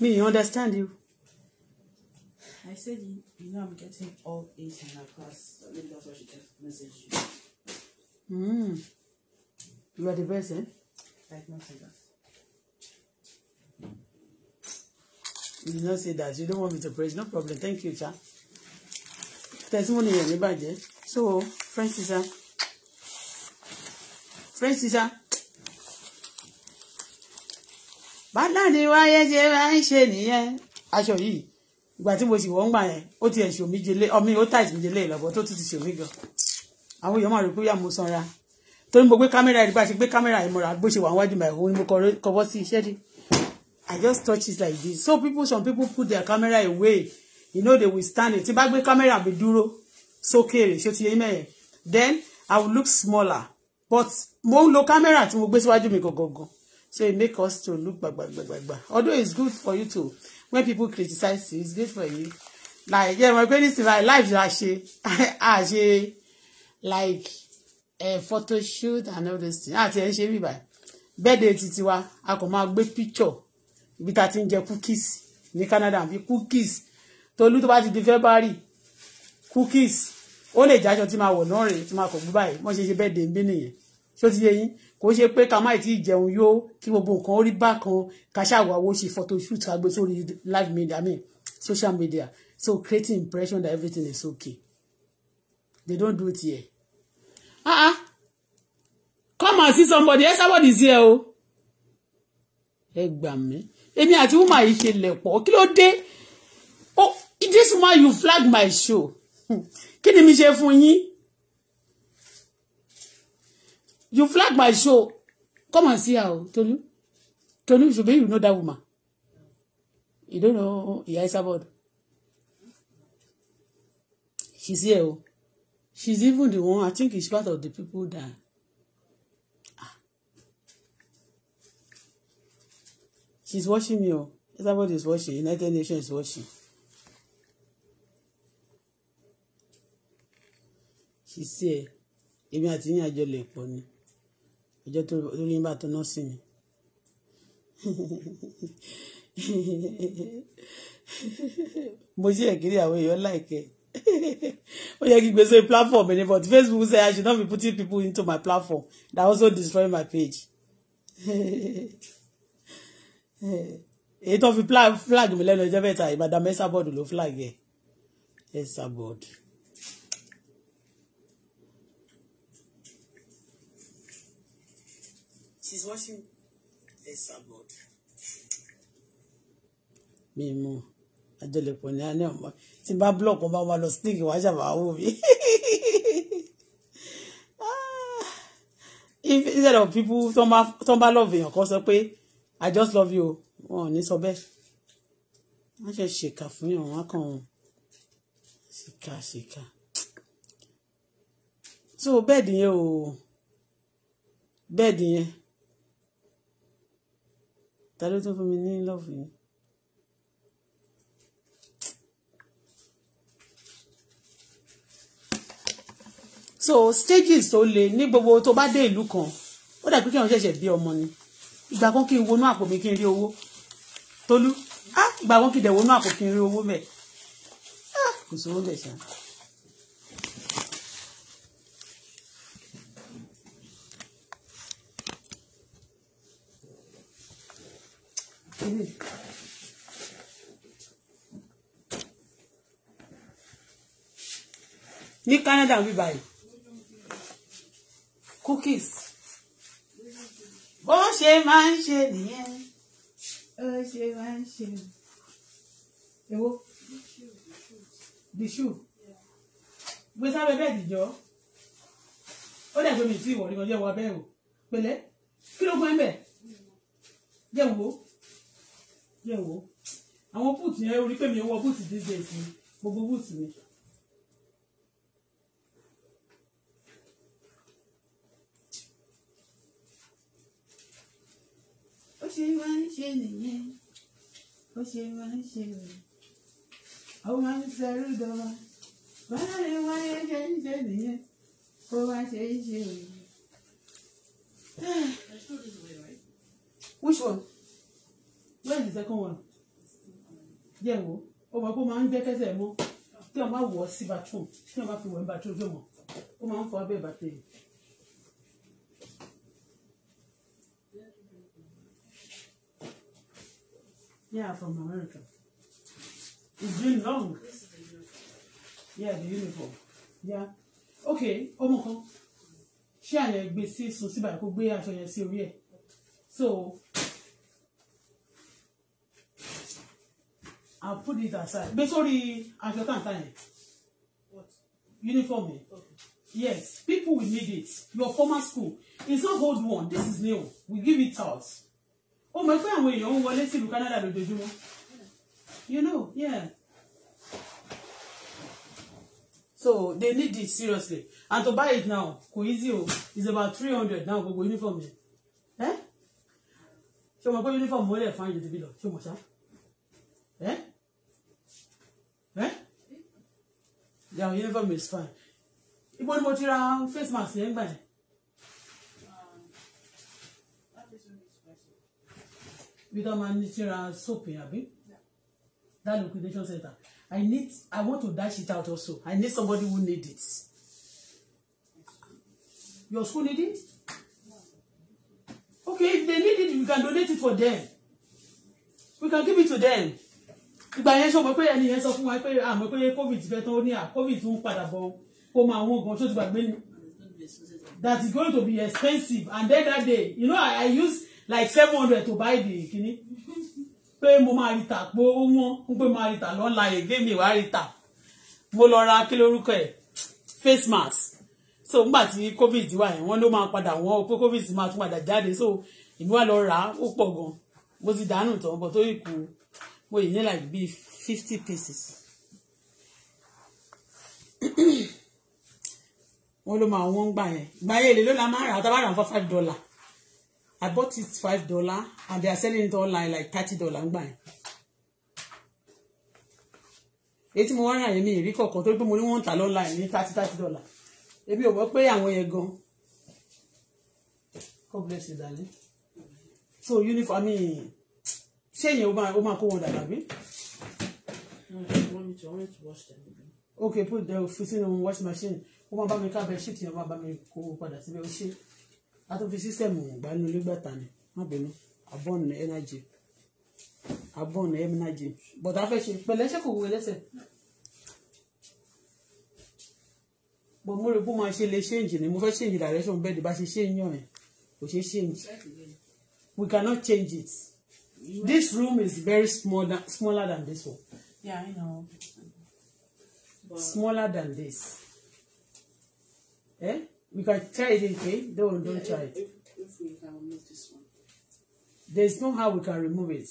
Me, you understand you? I said, you, you know, I'm getting all A's in her class. I think that's why she just messaged you. Mm. You are the best, eh? I did not say that. You did not say that. You don't want me to praise. No problem. Thank you, cha. Testimony here, anybody. So, Francis, sir. Francis, sir. bálàdì wáyé ṣe máa ń ṣe nìyẹn aṣọ yìí ìgbà tí mo sì wọ́n gbà yẹn ó ti ẹ̀ṣọ́ mi jẹlé ọmọ ó tà ìsìn jẹlé ìlọ́bọ tó tún ti ṣòmí gan àwọn èèyàn máa rò pé yà mo sanra torí mo gbé kámẹ́rà yìí bá ṣe gbé kámẹ́rà yìí mo rà ṣe wà wájú my own mo kọwọ́ sí iṣẹ́ dí I just touch it like this so people some people put their camera away you know they will stand it tí bá gbé kámẹ́rà mi dúró sókèèrè ṣé ti yẹ mẹ́yẹn then I will look smaller but mo ń lo kámẹ́rà tí mo gbé síwájú mi gangan So it make us to look back, back, back, back, back. Although it's good for you to, when people criticize you, it's good for you. Like, yeah, my parents is my life is actually, actually, like, a eh, photo shoot and all those things. Àti ẹ̀ ń ṣe mí báyìí. Birthday titi wa, a kò máa gbé picture ibi tá ti ń jẹ cookies ní Canada àbí cookies. Tolú tó bá ti di February, cookies. Ó lè jájọ tí máa wọ̀ náà rèé tí máa kọ̀ gbé báyìí. Wọ́n ṣe ṣe birthday ń bí nìyẹn ṣé ó ti yé yín kò ṣe pé ká má ì tí ì jẹun yó kí gbogbo nǹkan ó rí bákan ká ṣàwáwó ṣe photoshoot ká gbé sórí live media I mean social media so creating impression that everything is okay they don't do it here ah ah come and see somebody ẹ somebody sí ẹ o ẹ gbà mí èmi àti wúmà yìí ṣe lẹ̀pọ̀ kí ló dé oh this woman you flag my show hmm. kí ni mi ṣe fún yín. You flag my show. Come and see her, oh, Tolu. Tolu Shube, you know that woman. You don't know Iya Isabod. She's here. Oh, She's even the one, I think she's part of the people that ah. She's watching me. Oh. Everybody is watching. United Nations is watching. She here. Èmi àti yín àjọ lè pọ̀ ni ọjọ́ tó lórí bá tó náà sí mo ṣe ẹ̀kiri àwọn èèyàn láìkẹ́ ó yẹ kí n gbé sórí platform ẹni but Facebook say I should not be putting people into my platform that also destroy my page èyí tó fi flag mi lẹ́nu ọjọ́ mẹ́ta ìbàdàn mẹ́sàbọ̀dù ló flag yẹ mẹ́sàbọ̀dù. He's watching. Yes, our God. Mi mọ̀, àjọlẹ̀pọ̀ ni a ní ọmọ. Tí bá búlọ̀kù bá wà lọ sneak wá ṣàbà wò mí. Ah. If instead of people tó ń bá lọ́ọ̀bù èèyàn kan sọ pé I just love you, wọn ò ní sọ bẹ́ẹ̀. Wọ́n ṣe ṣèkà fún yàn wọ́n kàn wọ́n. Ṣèkà ṣèkà. So bẹ́ẹ̀dì yẹn o, bẹ́ẹ̀dì yẹn ta ló tún fún mi ní lọ́ọ̀fù yìí. so stages tó le ní gbogbo tó bá dé ìlú kan ó dàbí kí wọn ṣẹ̀ṣẹ̀ bí ọmọ ni ìgbà kan kí n wọnú àpò mi kí n rí owó tolú ah ìgbà kan kí n dẹ̀ wọnú àpò kí n rí owó mẹ́ ah kò sówó mẹ́ ṣáà. sùúrù. ní Canada ń bí báyìí cookies bó ṣe máa ń ṣe nìyẹn ó ṣe máa ń ṣe èwo bíṣù gbé sábẹ́ bẹ́ẹ̀ dìjọ ó dẹ̀ pé mi tí ìwọ rí ọjọ́ wa bẹ́ẹ̀ o pẹ̀lẹ́ kí ló gbé ń bẹ jẹ wo yẹ̀ wò àwọn búùtù yẹn orí pé mi ò wọ búùtù these days gbogbo búùtù mi. ó ṣe wá ń ṣe nìyẹn ó ṣe wá ń ṣe nìyẹn ó máa ń sẹrú dọ́wà báyà ni wọ́n yẹ ṣe ń ṣe nìyẹn kó wá ṣe ń ṣe nìyẹn. Which one? where is the second one yẹ̀ wò ó mọ̀ pé ó máa ń jẹ́ kẹ́sẹ̀ mọ́ tí wọ́n bá bathroom tí wọ́n bá fi wọ̀ ní bathroom fún wọn ó máa fọ abẹ́ bàtẹ́ Yeah, from America. It's been long. Yeah, the uniform. Yeah. Okay, ọmọ kan. Ṣé àyẹ̀ gbé sí sun síbà kó gbé aṣọ yẹn sí orí ẹ̀? So, I put it aside gbé sórí aṣọ tàǹtà yẹn uniform yẹn eh? okay. yes people will need it your former school it's not old one this is new we give it out ó mọ̀ pé àwọn èèyàn ń wọlé sílùú Canada lójoojúmọ́ you know yeah so they need it seriously and to buy it now it's about three hundred now go uniform yẹn eh? eh? ṣé o mọ̀ pé uniform mọ́lẹ̀ fún àyè the lọ ṣé much mọ̀ their uniform is fine ibo ni mo ti ra face mask yẹn gbà yẹn. bí ká máa ní ti ra soap yẹn àbí that liquidation center i need i want to dash it out also i need somebody who need it your school need it okay if they need it we can donate it for them we can give it to them ìgbà yẹn ṣe pé ẹni yẹn sọ fún wa pé àmọ́ pé covid fẹ́ tán ó ní à covid tún padà bọ̀ kó máa wọ́n gan tó ti gbàgbé ni that is going to be expensive and then that day you know I, I use like seven hundred to buy the kini pé mo máa rí ta pé ó wọ́n ń pé mo máa rí ta lọ́la ègé mi wá rí ta mo lọ ra kí lórúkọ ẹ̀ face mask so nígbà tí covid wà yẹn wọ́n ló máa padà wọ́n pé covid máa tún padà jáde so ìmúwà lọ rà á ó pọ̀ gan mo ti dànù tán bọ̀ tó ìkú mo yìí like be fifty pieces wọ́n ló máa wọ́n gbà yẹn gbà yẹn èlé ló la máa rà àtàwọn àrà for five dollar I bought it five dollar and they are selling it online like thirty dollar gbà yẹn èyí tí mo wá rà yẹn ní ìrí kọ̀ọ̀kan torí pé mo thirty thirty dollar ebi ò wọ́ pé àwọn yẹn Go. God bless you darling so uniform I mean ṣé èèyàn ó máa ó máa kó wọn dàgbà bí. ok put the fi sínú washing machine ó máa bá mi kábẹ sheet yẹn ó máa bá mi kó padà síbẹ̀ ó ṣe a tún fi system gbanú lẹ́gbàtà ni má bínú abọ́n energy abọ́n energy but a fẹ́ ṣe pẹ̀lẹ́ṣẹ̀ kò wọ ẹlẹ́sẹ̀ bọ̀ mo rò bó máa ṣe lè change ni mo change direction bẹ́ẹ̀ ni bá ṣe ṣe ń yàn ẹ̀ change we cannot change it. This room is very small, smaller than this one. Yeah, I know. But smaller than this. Eh? We can try it okay? Don't, don't yeah, try if, it. If, if we can remove this one. There's no how we can remove it.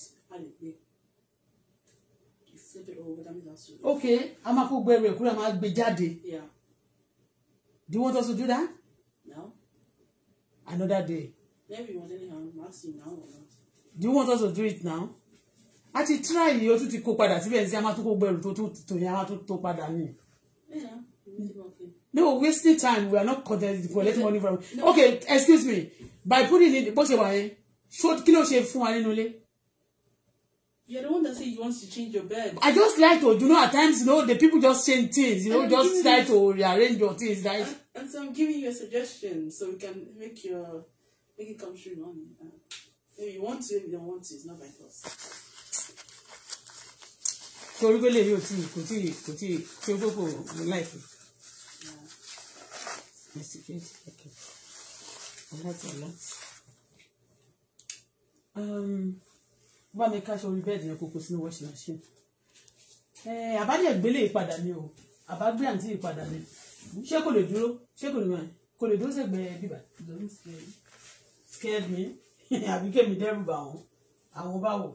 Okay, I'm a máa kó gbẹrù ẹ̀kú rẹ̀ máa gbé e Yeah. Do you want us to do that? No. Another day. Maybe you want anyhow, Maxi now or not do you want us to do it now a ti try yìí o tún ti kó padà síbẹ̀ sí a máa tún kó gbẹrù tó tún tò yẹn a máa padà ní. no wasting time we are not for collecting money from okay excuse me by putting it bó ṣe wà yẹn kí ló ṣe fún wa nínú ilé. You're the one that say you want to change your bed. I just like to, you know, at times, you know, the people just change things, you know, just try to rearrange your things, right? And, and so I'm giving you a suggestion so we can make your, make it come true, money. Uh, If you want to, you don't want to, it's not my fault. torí pé lèmi ò tí kò tí kò tí tí ó gbogbo mo láìpẹ́. aláti aláti. bá mi káṣọ orí bẹ́ẹ̀dì yẹn kókó sínú washing machine. Eh, àbájẹ́ ìgbélé ìpadà ni o àbágbé àǹtí ìpadà ni ṣé kò lè dúró ṣé kò lè máa kò lè dúró sẹ́gbẹ̀ẹ́ bíbá. don't scare me. scared me. àbí kèmí dẹ́rù bà wọ́n àwọn báwo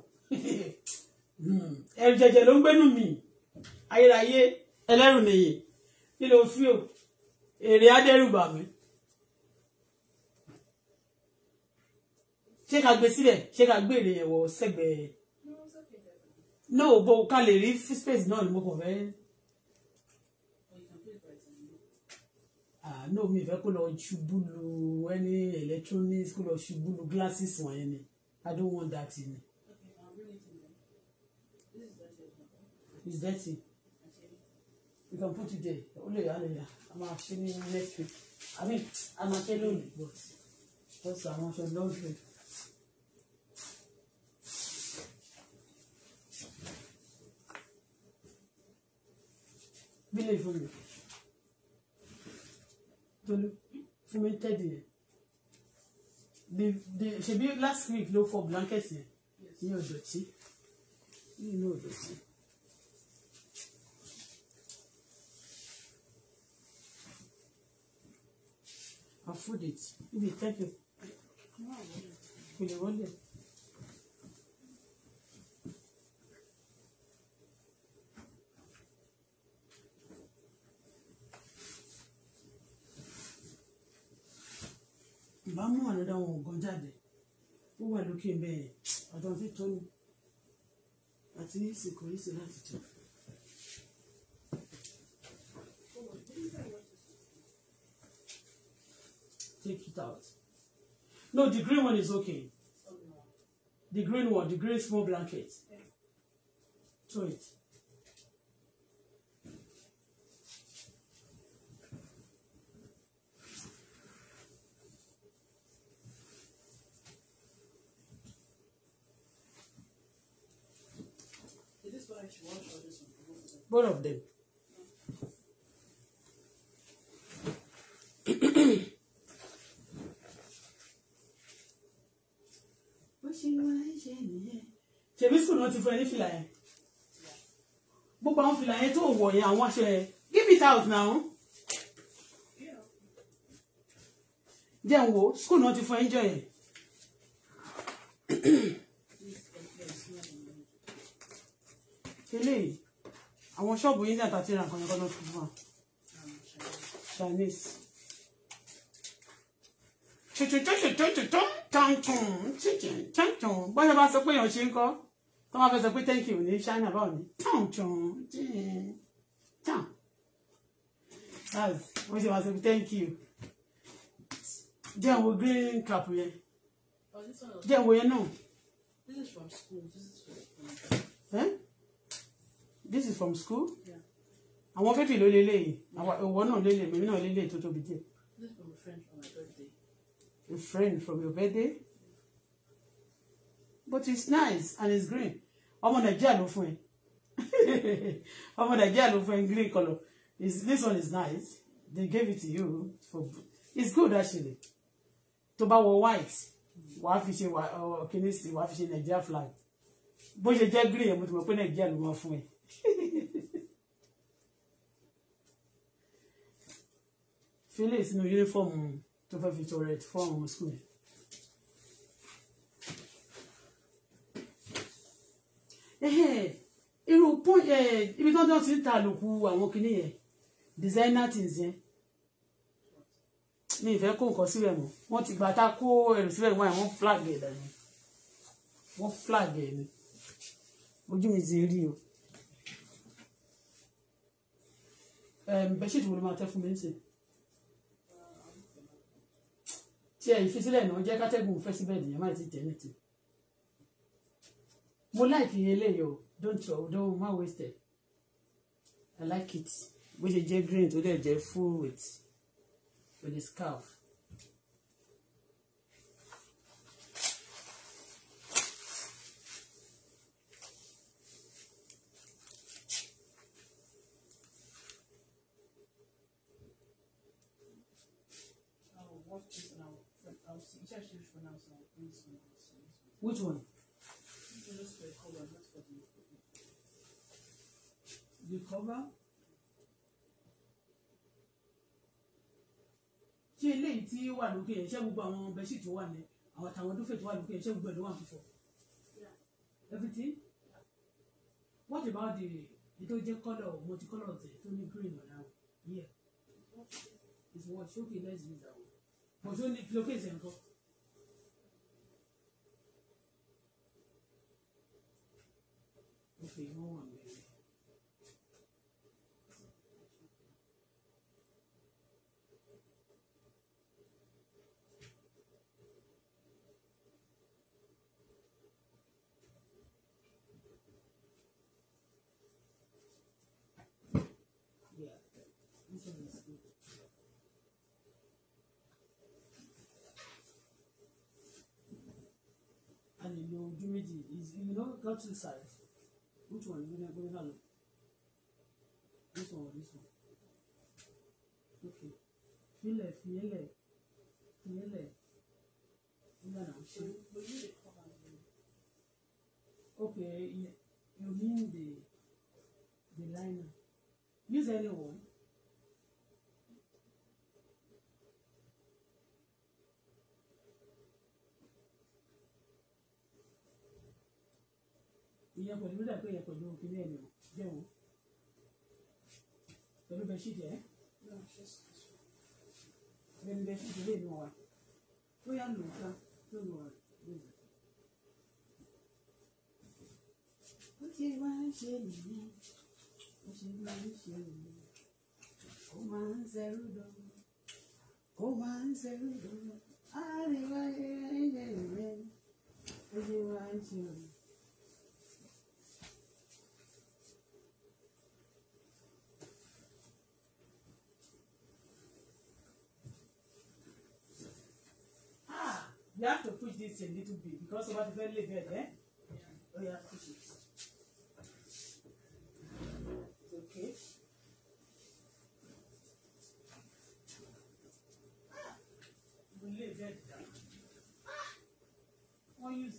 hmm. ẹ̀rù jẹ̀jẹ̀ ló ń gbénú mi ayérayé ẹlẹ́rù nìyí kí ló fi ò èrè adẹ́rù bà mí. ṣé ká gbé sílẹ̀ ṣé ká gbé èrè yẹn wọ sẹ́gbẹ̀ẹ́ no bó ká lè rí space náà ni mo kàn fẹ́. No, mi ìfẹ́ kó lọ ṣubú lu ẹni electronics kó lọ ṣubú lu glasses wọ̀nyẹn ni I don't want that in it. It's dirty. You can put it there. Olè àlèyà, a máa ṣe ní next week. I mean, a máa ṣe lónìí but just àwọn aṣọ lọ́ọ̀dù. Bí lè fún Tolu fún mi tẹ́dì yẹn ṣebí last week ló fọ blanket yẹn ní ọ̀dọ̀tí nínú ọ̀dọ̀tí. I food it. Ibi thank you. Kò lè wọlé. ìbá mú ànádá wọn ògán jáde ó wà lókè ń bẹ́ẹ̀ àtàntí tóní àti ní ìsìnkú oríṣi láti jẹ. Take it out. No, the green one is okay. The green one, the green small blanket. Throw it. One of them. ṣèbí sùn náà ti fún ẹ ní fìlà yẹn gbogbo àwọn fìlà yẹn tó wọ̀ yẹn àwọn aṣọ yẹn give it out now jẹ́ ń wo school náà ti fún ẹ ń jọ yẹn. eléyìí àwọn ṣọ́ọ̀bù yín náà tàti ra nǹkan yẹn kọ́nà fún wa Chinese. bọ́sẹ̀ bá sọ pé èèyàn ṣe ń kọ́ tó máa fẹ́ sọ pé thank you ní China báwo ni wọ́n ṣe máa sọ pé thank you jẹ́ wo green cap yẹn jẹ́ wo yẹn náà. This is from school. This is from school. Eh? this is from school àwọn bébì ló lélẹ̀ yìí ìwọ náà lélẹ̀ mèmí náà lélẹ̀ tó tóbi díẹ̀. this from a friend from my birthday. a friend from your birthday but it's nice and it's green ọmọ nàìjíríà ló fún ẹ ọmọ nàìjíríà ló fún ẹ green colour is this one is nice they gave it to you for it's good actually tó bá wọ white wàá fi ṣe kìnìún sí wàá fi ṣe nàìjíríà flag bó ṣe jẹ́ green ẹ mo ti mọ̀ pé nàìjíríà ló máa fún ẹ. fi lè sínú yúnífọ̀mù tó fẹ́ fi tọrẹ fún àwọn skul. irú pọ́n ibi tó ń dán ti ń ta àlòkù àwọn kinní yẹn designer things yẹn mi ìfẹ́ kó nǹkan sílẹ̀ mọ́ wọ́n ti gbà tá a kó ẹrù sílẹ̀ wọ́n àwọn flag ẹ̀ dání wọ́n flag ẹ̀ ni ojú mi ti rí o. bẹ́sẹ̀ tí mo lè máa tẹ́ fún mi nísìn tí ẹ̀ ìfisílẹ̀ náà jẹ́ kátẹ́gùn fẹ́ síbẹ̀ nìyẹn má ti tẹ̀ ní ti mo láìkì eléyìí o don't throw don't má waste it i like it bó ṣe jẹ́ green tó dẹ̀ jẹ́ full with with the scarf. Which one? The cover. ṣé eléyìí tí wà lókè yẹn ṣé gbogbo àwọn bẹ́ṣì tó wà ní àwọn àtàwọn dúfẹ́ tó wà lókè yẹn ṣé gbogbo ẹ̀ wà fífọ́. everything what about the the tó jẹ́ colour multicolour The tó ní green ọ̀la o yeah it's what ṣókè let's use that one but ṣó ní lókè ṣe nǹkan. Okay, hold on, baby. And you know, do it is you know, go to the side. Which one? Which one? Which one? This one or this one? Okay. File, file, file. No, no, she. Okay, you, you mean the the liner? Use any one. ìyẹn pẹ̀lú lẹ́yìn pé ìyẹn pẹ̀lú kíní ẹ̀mí o jẹ́ o pẹ̀lú bẹ́ṣíìtì ẹ̀ pẹ̀lú bẹ́ṣíìtì lè nù wa bóyá nù ká ló nù wa lónìí. ó ti máa ń ṣe nìyí ó ṣe máa ń ṣe nìyí ó máa ń ṣerú dọ́gba ó máa ń ṣerú dọ́gba á rí wáyé ẹ̀yẹ rẹ̀ ó ṣe máa ń ṣe nìyí. You have to push this a little bit because somebody fẹ́ lè bẹ̀ ẹ́. Oh, to push it. It's okay. We ah! lay bed down. Ah! Wọ́n use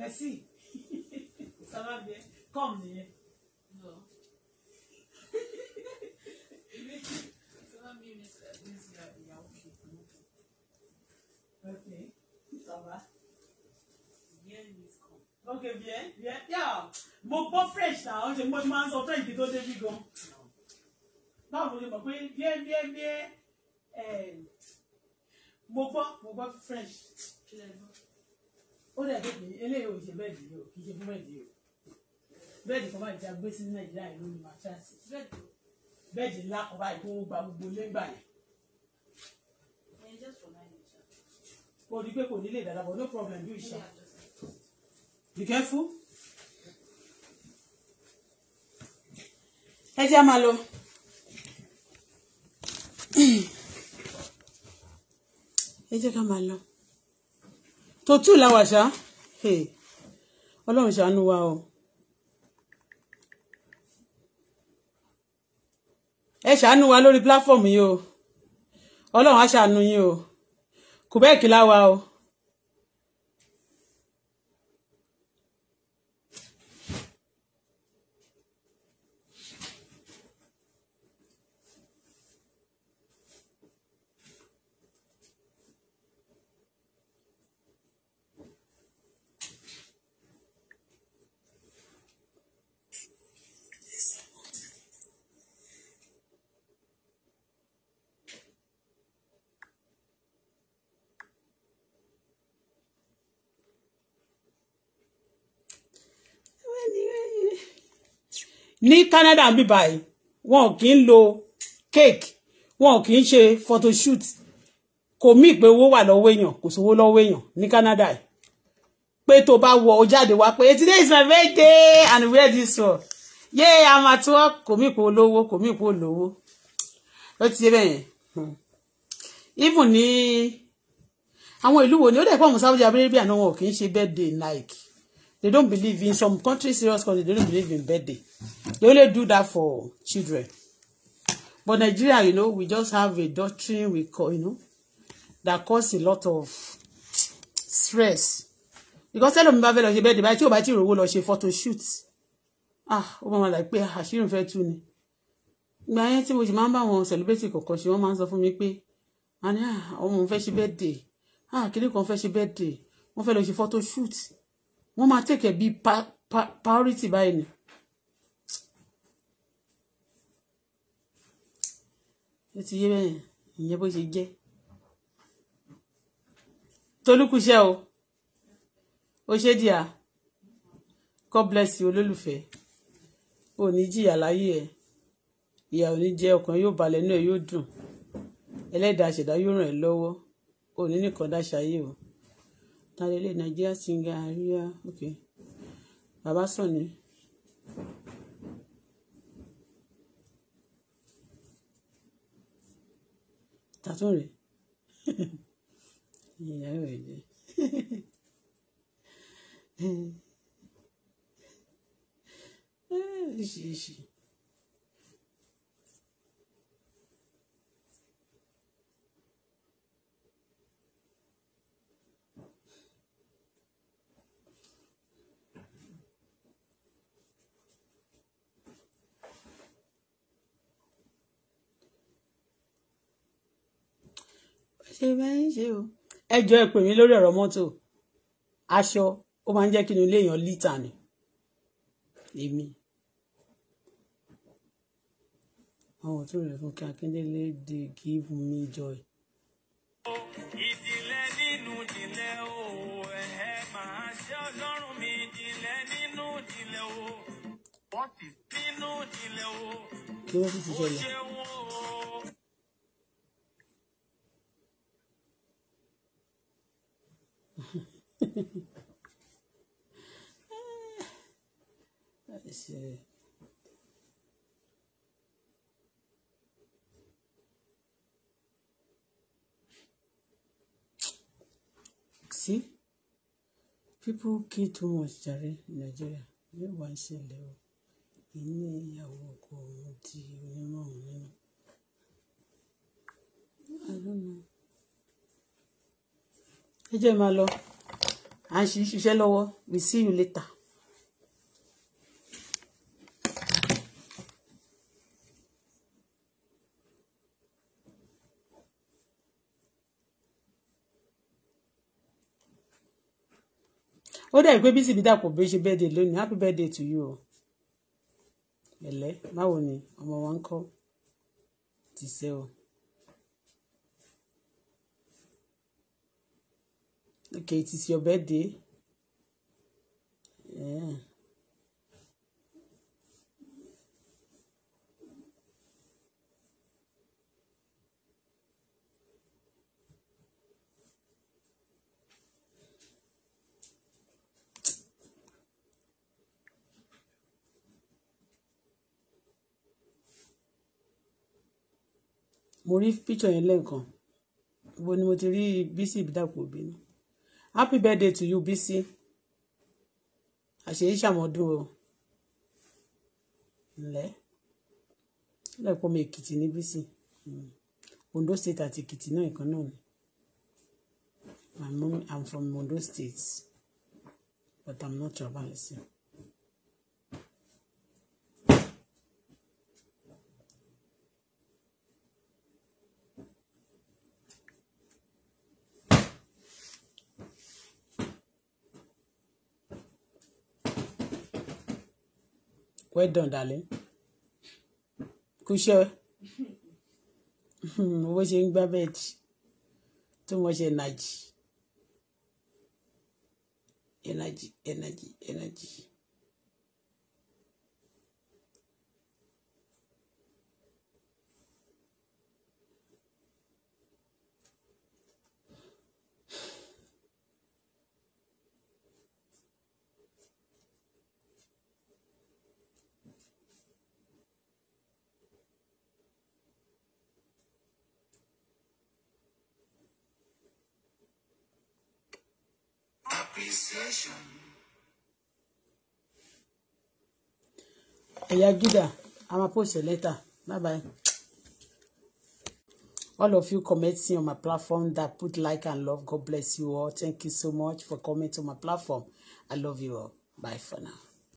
Merci. Ça va bien. Comme Non. Ça va bien, mais il y a Ok. Ça va. Bien, Miss Com. Ok, bien, bien. Yeah. Mo gbọ́ French náà, ó ṣe mo máa ń sọ French kí tó débi Non, vous ni mo bien bien bien mo gbọ́ mo gbọ́ French. Kí lè ó dẹ̀ tó pé eléyìí ò ṣe bẹ́ẹ̀dì yìí o kì ṣe fún bẹ́ẹ̀dì yìí o bẹ́ẹ̀dì kan báyìí ti a gbé sí nàìjíríà ìlú ní machasi bẹ́ẹ̀dì ńlá kan báyìí tó ń gba gbogbo lẹ́gbà yẹn. kò ní pé kò ní lè dàdàbọ̀ no problem bí ìṣá be careful. ẹ jẹ́ máa lọ ẹ jẹ́ ká máa lọ tó tù láwà ṣá ọlọ́run ṣàánú wa o ẹ ṣàánú wa lórí platform yìí o ọlọ́run á ṣàánú yín o kùbẹ́ẹ̀kì láwa o. ní Canada ń bí báyìí wọn kì í lo cake wọn kì í ṣe photoshoot kò mí pé owó wà lọ́wọ́ èèyàn kò sówó lọ́wọ́ èèyàn ní Canada yìí pé tó bá wọ ọ jáde wá pé today is my birthday and wear this one yay i'm at work kò mí pé olówó kò mí pé olówó ló ti yé bẹ́yẹn even ní àwọn ìlú wo ni ó dẹ̀ pọ̀ mọ́ Saudi Arabia náà wọn kì í ṣe birthday like They don't believe in some countries, serious countries, they don't believe in birthday. They only do that for children. But Nigeria, you know, we just have a doctrine we call, you know, that cause a lot of stress. Because tell bá fẹ́ lọ ṣe birthday báyìí tí ò bá tí ì photo shoot. Ah, woman like pay. láì pé ah, àṣírí ìfẹ́ tú ni. Ìgbà yẹn tí mo sì máa ń bá àwọn celebrity kọ̀ọ̀kan ṣe wọ́n máa ń sọ fún mi pé àní àwọn ah, ọmọ fẹ́ ṣe birthday. Ah, kìnìún kan fẹ́ ṣe birthday. Wọ́n fẹ́ lọ ṣe photo shoot wọ́n máa tẹ̀kẹ̀ bíi priority báyìí ni. ó ti yé bẹ́yẹn ìyẹn bó ṣe jẹ́ tolúkúṣẹ́ o ó ṣe díà God bless you olólùfẹ́ ò ní jìyà láyé ẹ̀ ìyà ò ní jẹ́ ọkàn yóò balẹ̀ náà yóò dùn ẹlẹ́dàá ṣẹ̀dá yóò ràn ẹ́ lọ́wọ́ ò ní nìkan dáṣà yìí o tàlélẹ̀ Nigeria singer àríyá ok bàbá sọ̀ni. tàtún rẹ̀ ìyàwó ẹ̀ jẹ́ oríṣiríṣi. ṣe bẹ́ẹ̀ ṣe o ẹ jọ ẹ pè mí lórí ọ̀rọ̀ mọ́tò aṣọ ó máa ń jẹ́ kí inú ilé èèyàn lítà ni èmi àwọn òtún rẹ̀ fún kí Akíndélé dey give me joy. ìdílé nínú ìdílé o ẹ máa ṣe ọlọ́run mi ìdílé nínú ìdílé o wọ́n ti nínú ìdílé o ó ṣe wọ́n. I see. See, people kill too much jare in Nigeria. yóò wá ṣẹlẹ̀ o inú ìyàwó ọkọ òun di onímọ̀ òun nínú. ẹ jẹ́ máa lọ à ń ṣiṣẹ́ lọ́wọ́ we see you later. ó dẹ̀ pé bísí bí dàpọ̀ bí ó ṣe birthday lónìí happy birthday to you o ẹ̀lẹ́ báwo ni ọmọ wa ń kọ́ tìṣẹ́ o. okay it is your birthday yeah. mo rí píṣọ yẹn lẹ́ẹ̀kan gbogbo ni mo ti rí bísí ìbídàpọ̀ bínú happy birthday to you Bisi àṣeyí ṣàmọ́dún o ǹlẹ́ lẹ́pọ̀ mi Èkìtì ní Bisi hmm. Ondo state àti Èkìtì náà ìkan náà ni my mom I'm from Ondo state but I'm not Yorùbá nìsín. well done darling kú iṣẹ́ owó ṣe ń gbá bẹ́ẹ̀dì tó mọ̀ ṣe energy energy energy energy. appreciation. ẹ̀yà gíga a máa post a letter bye bye all of you commenting on my platform that put like and love god bless you all thank you so much for coming to my platform i love you all bye for now.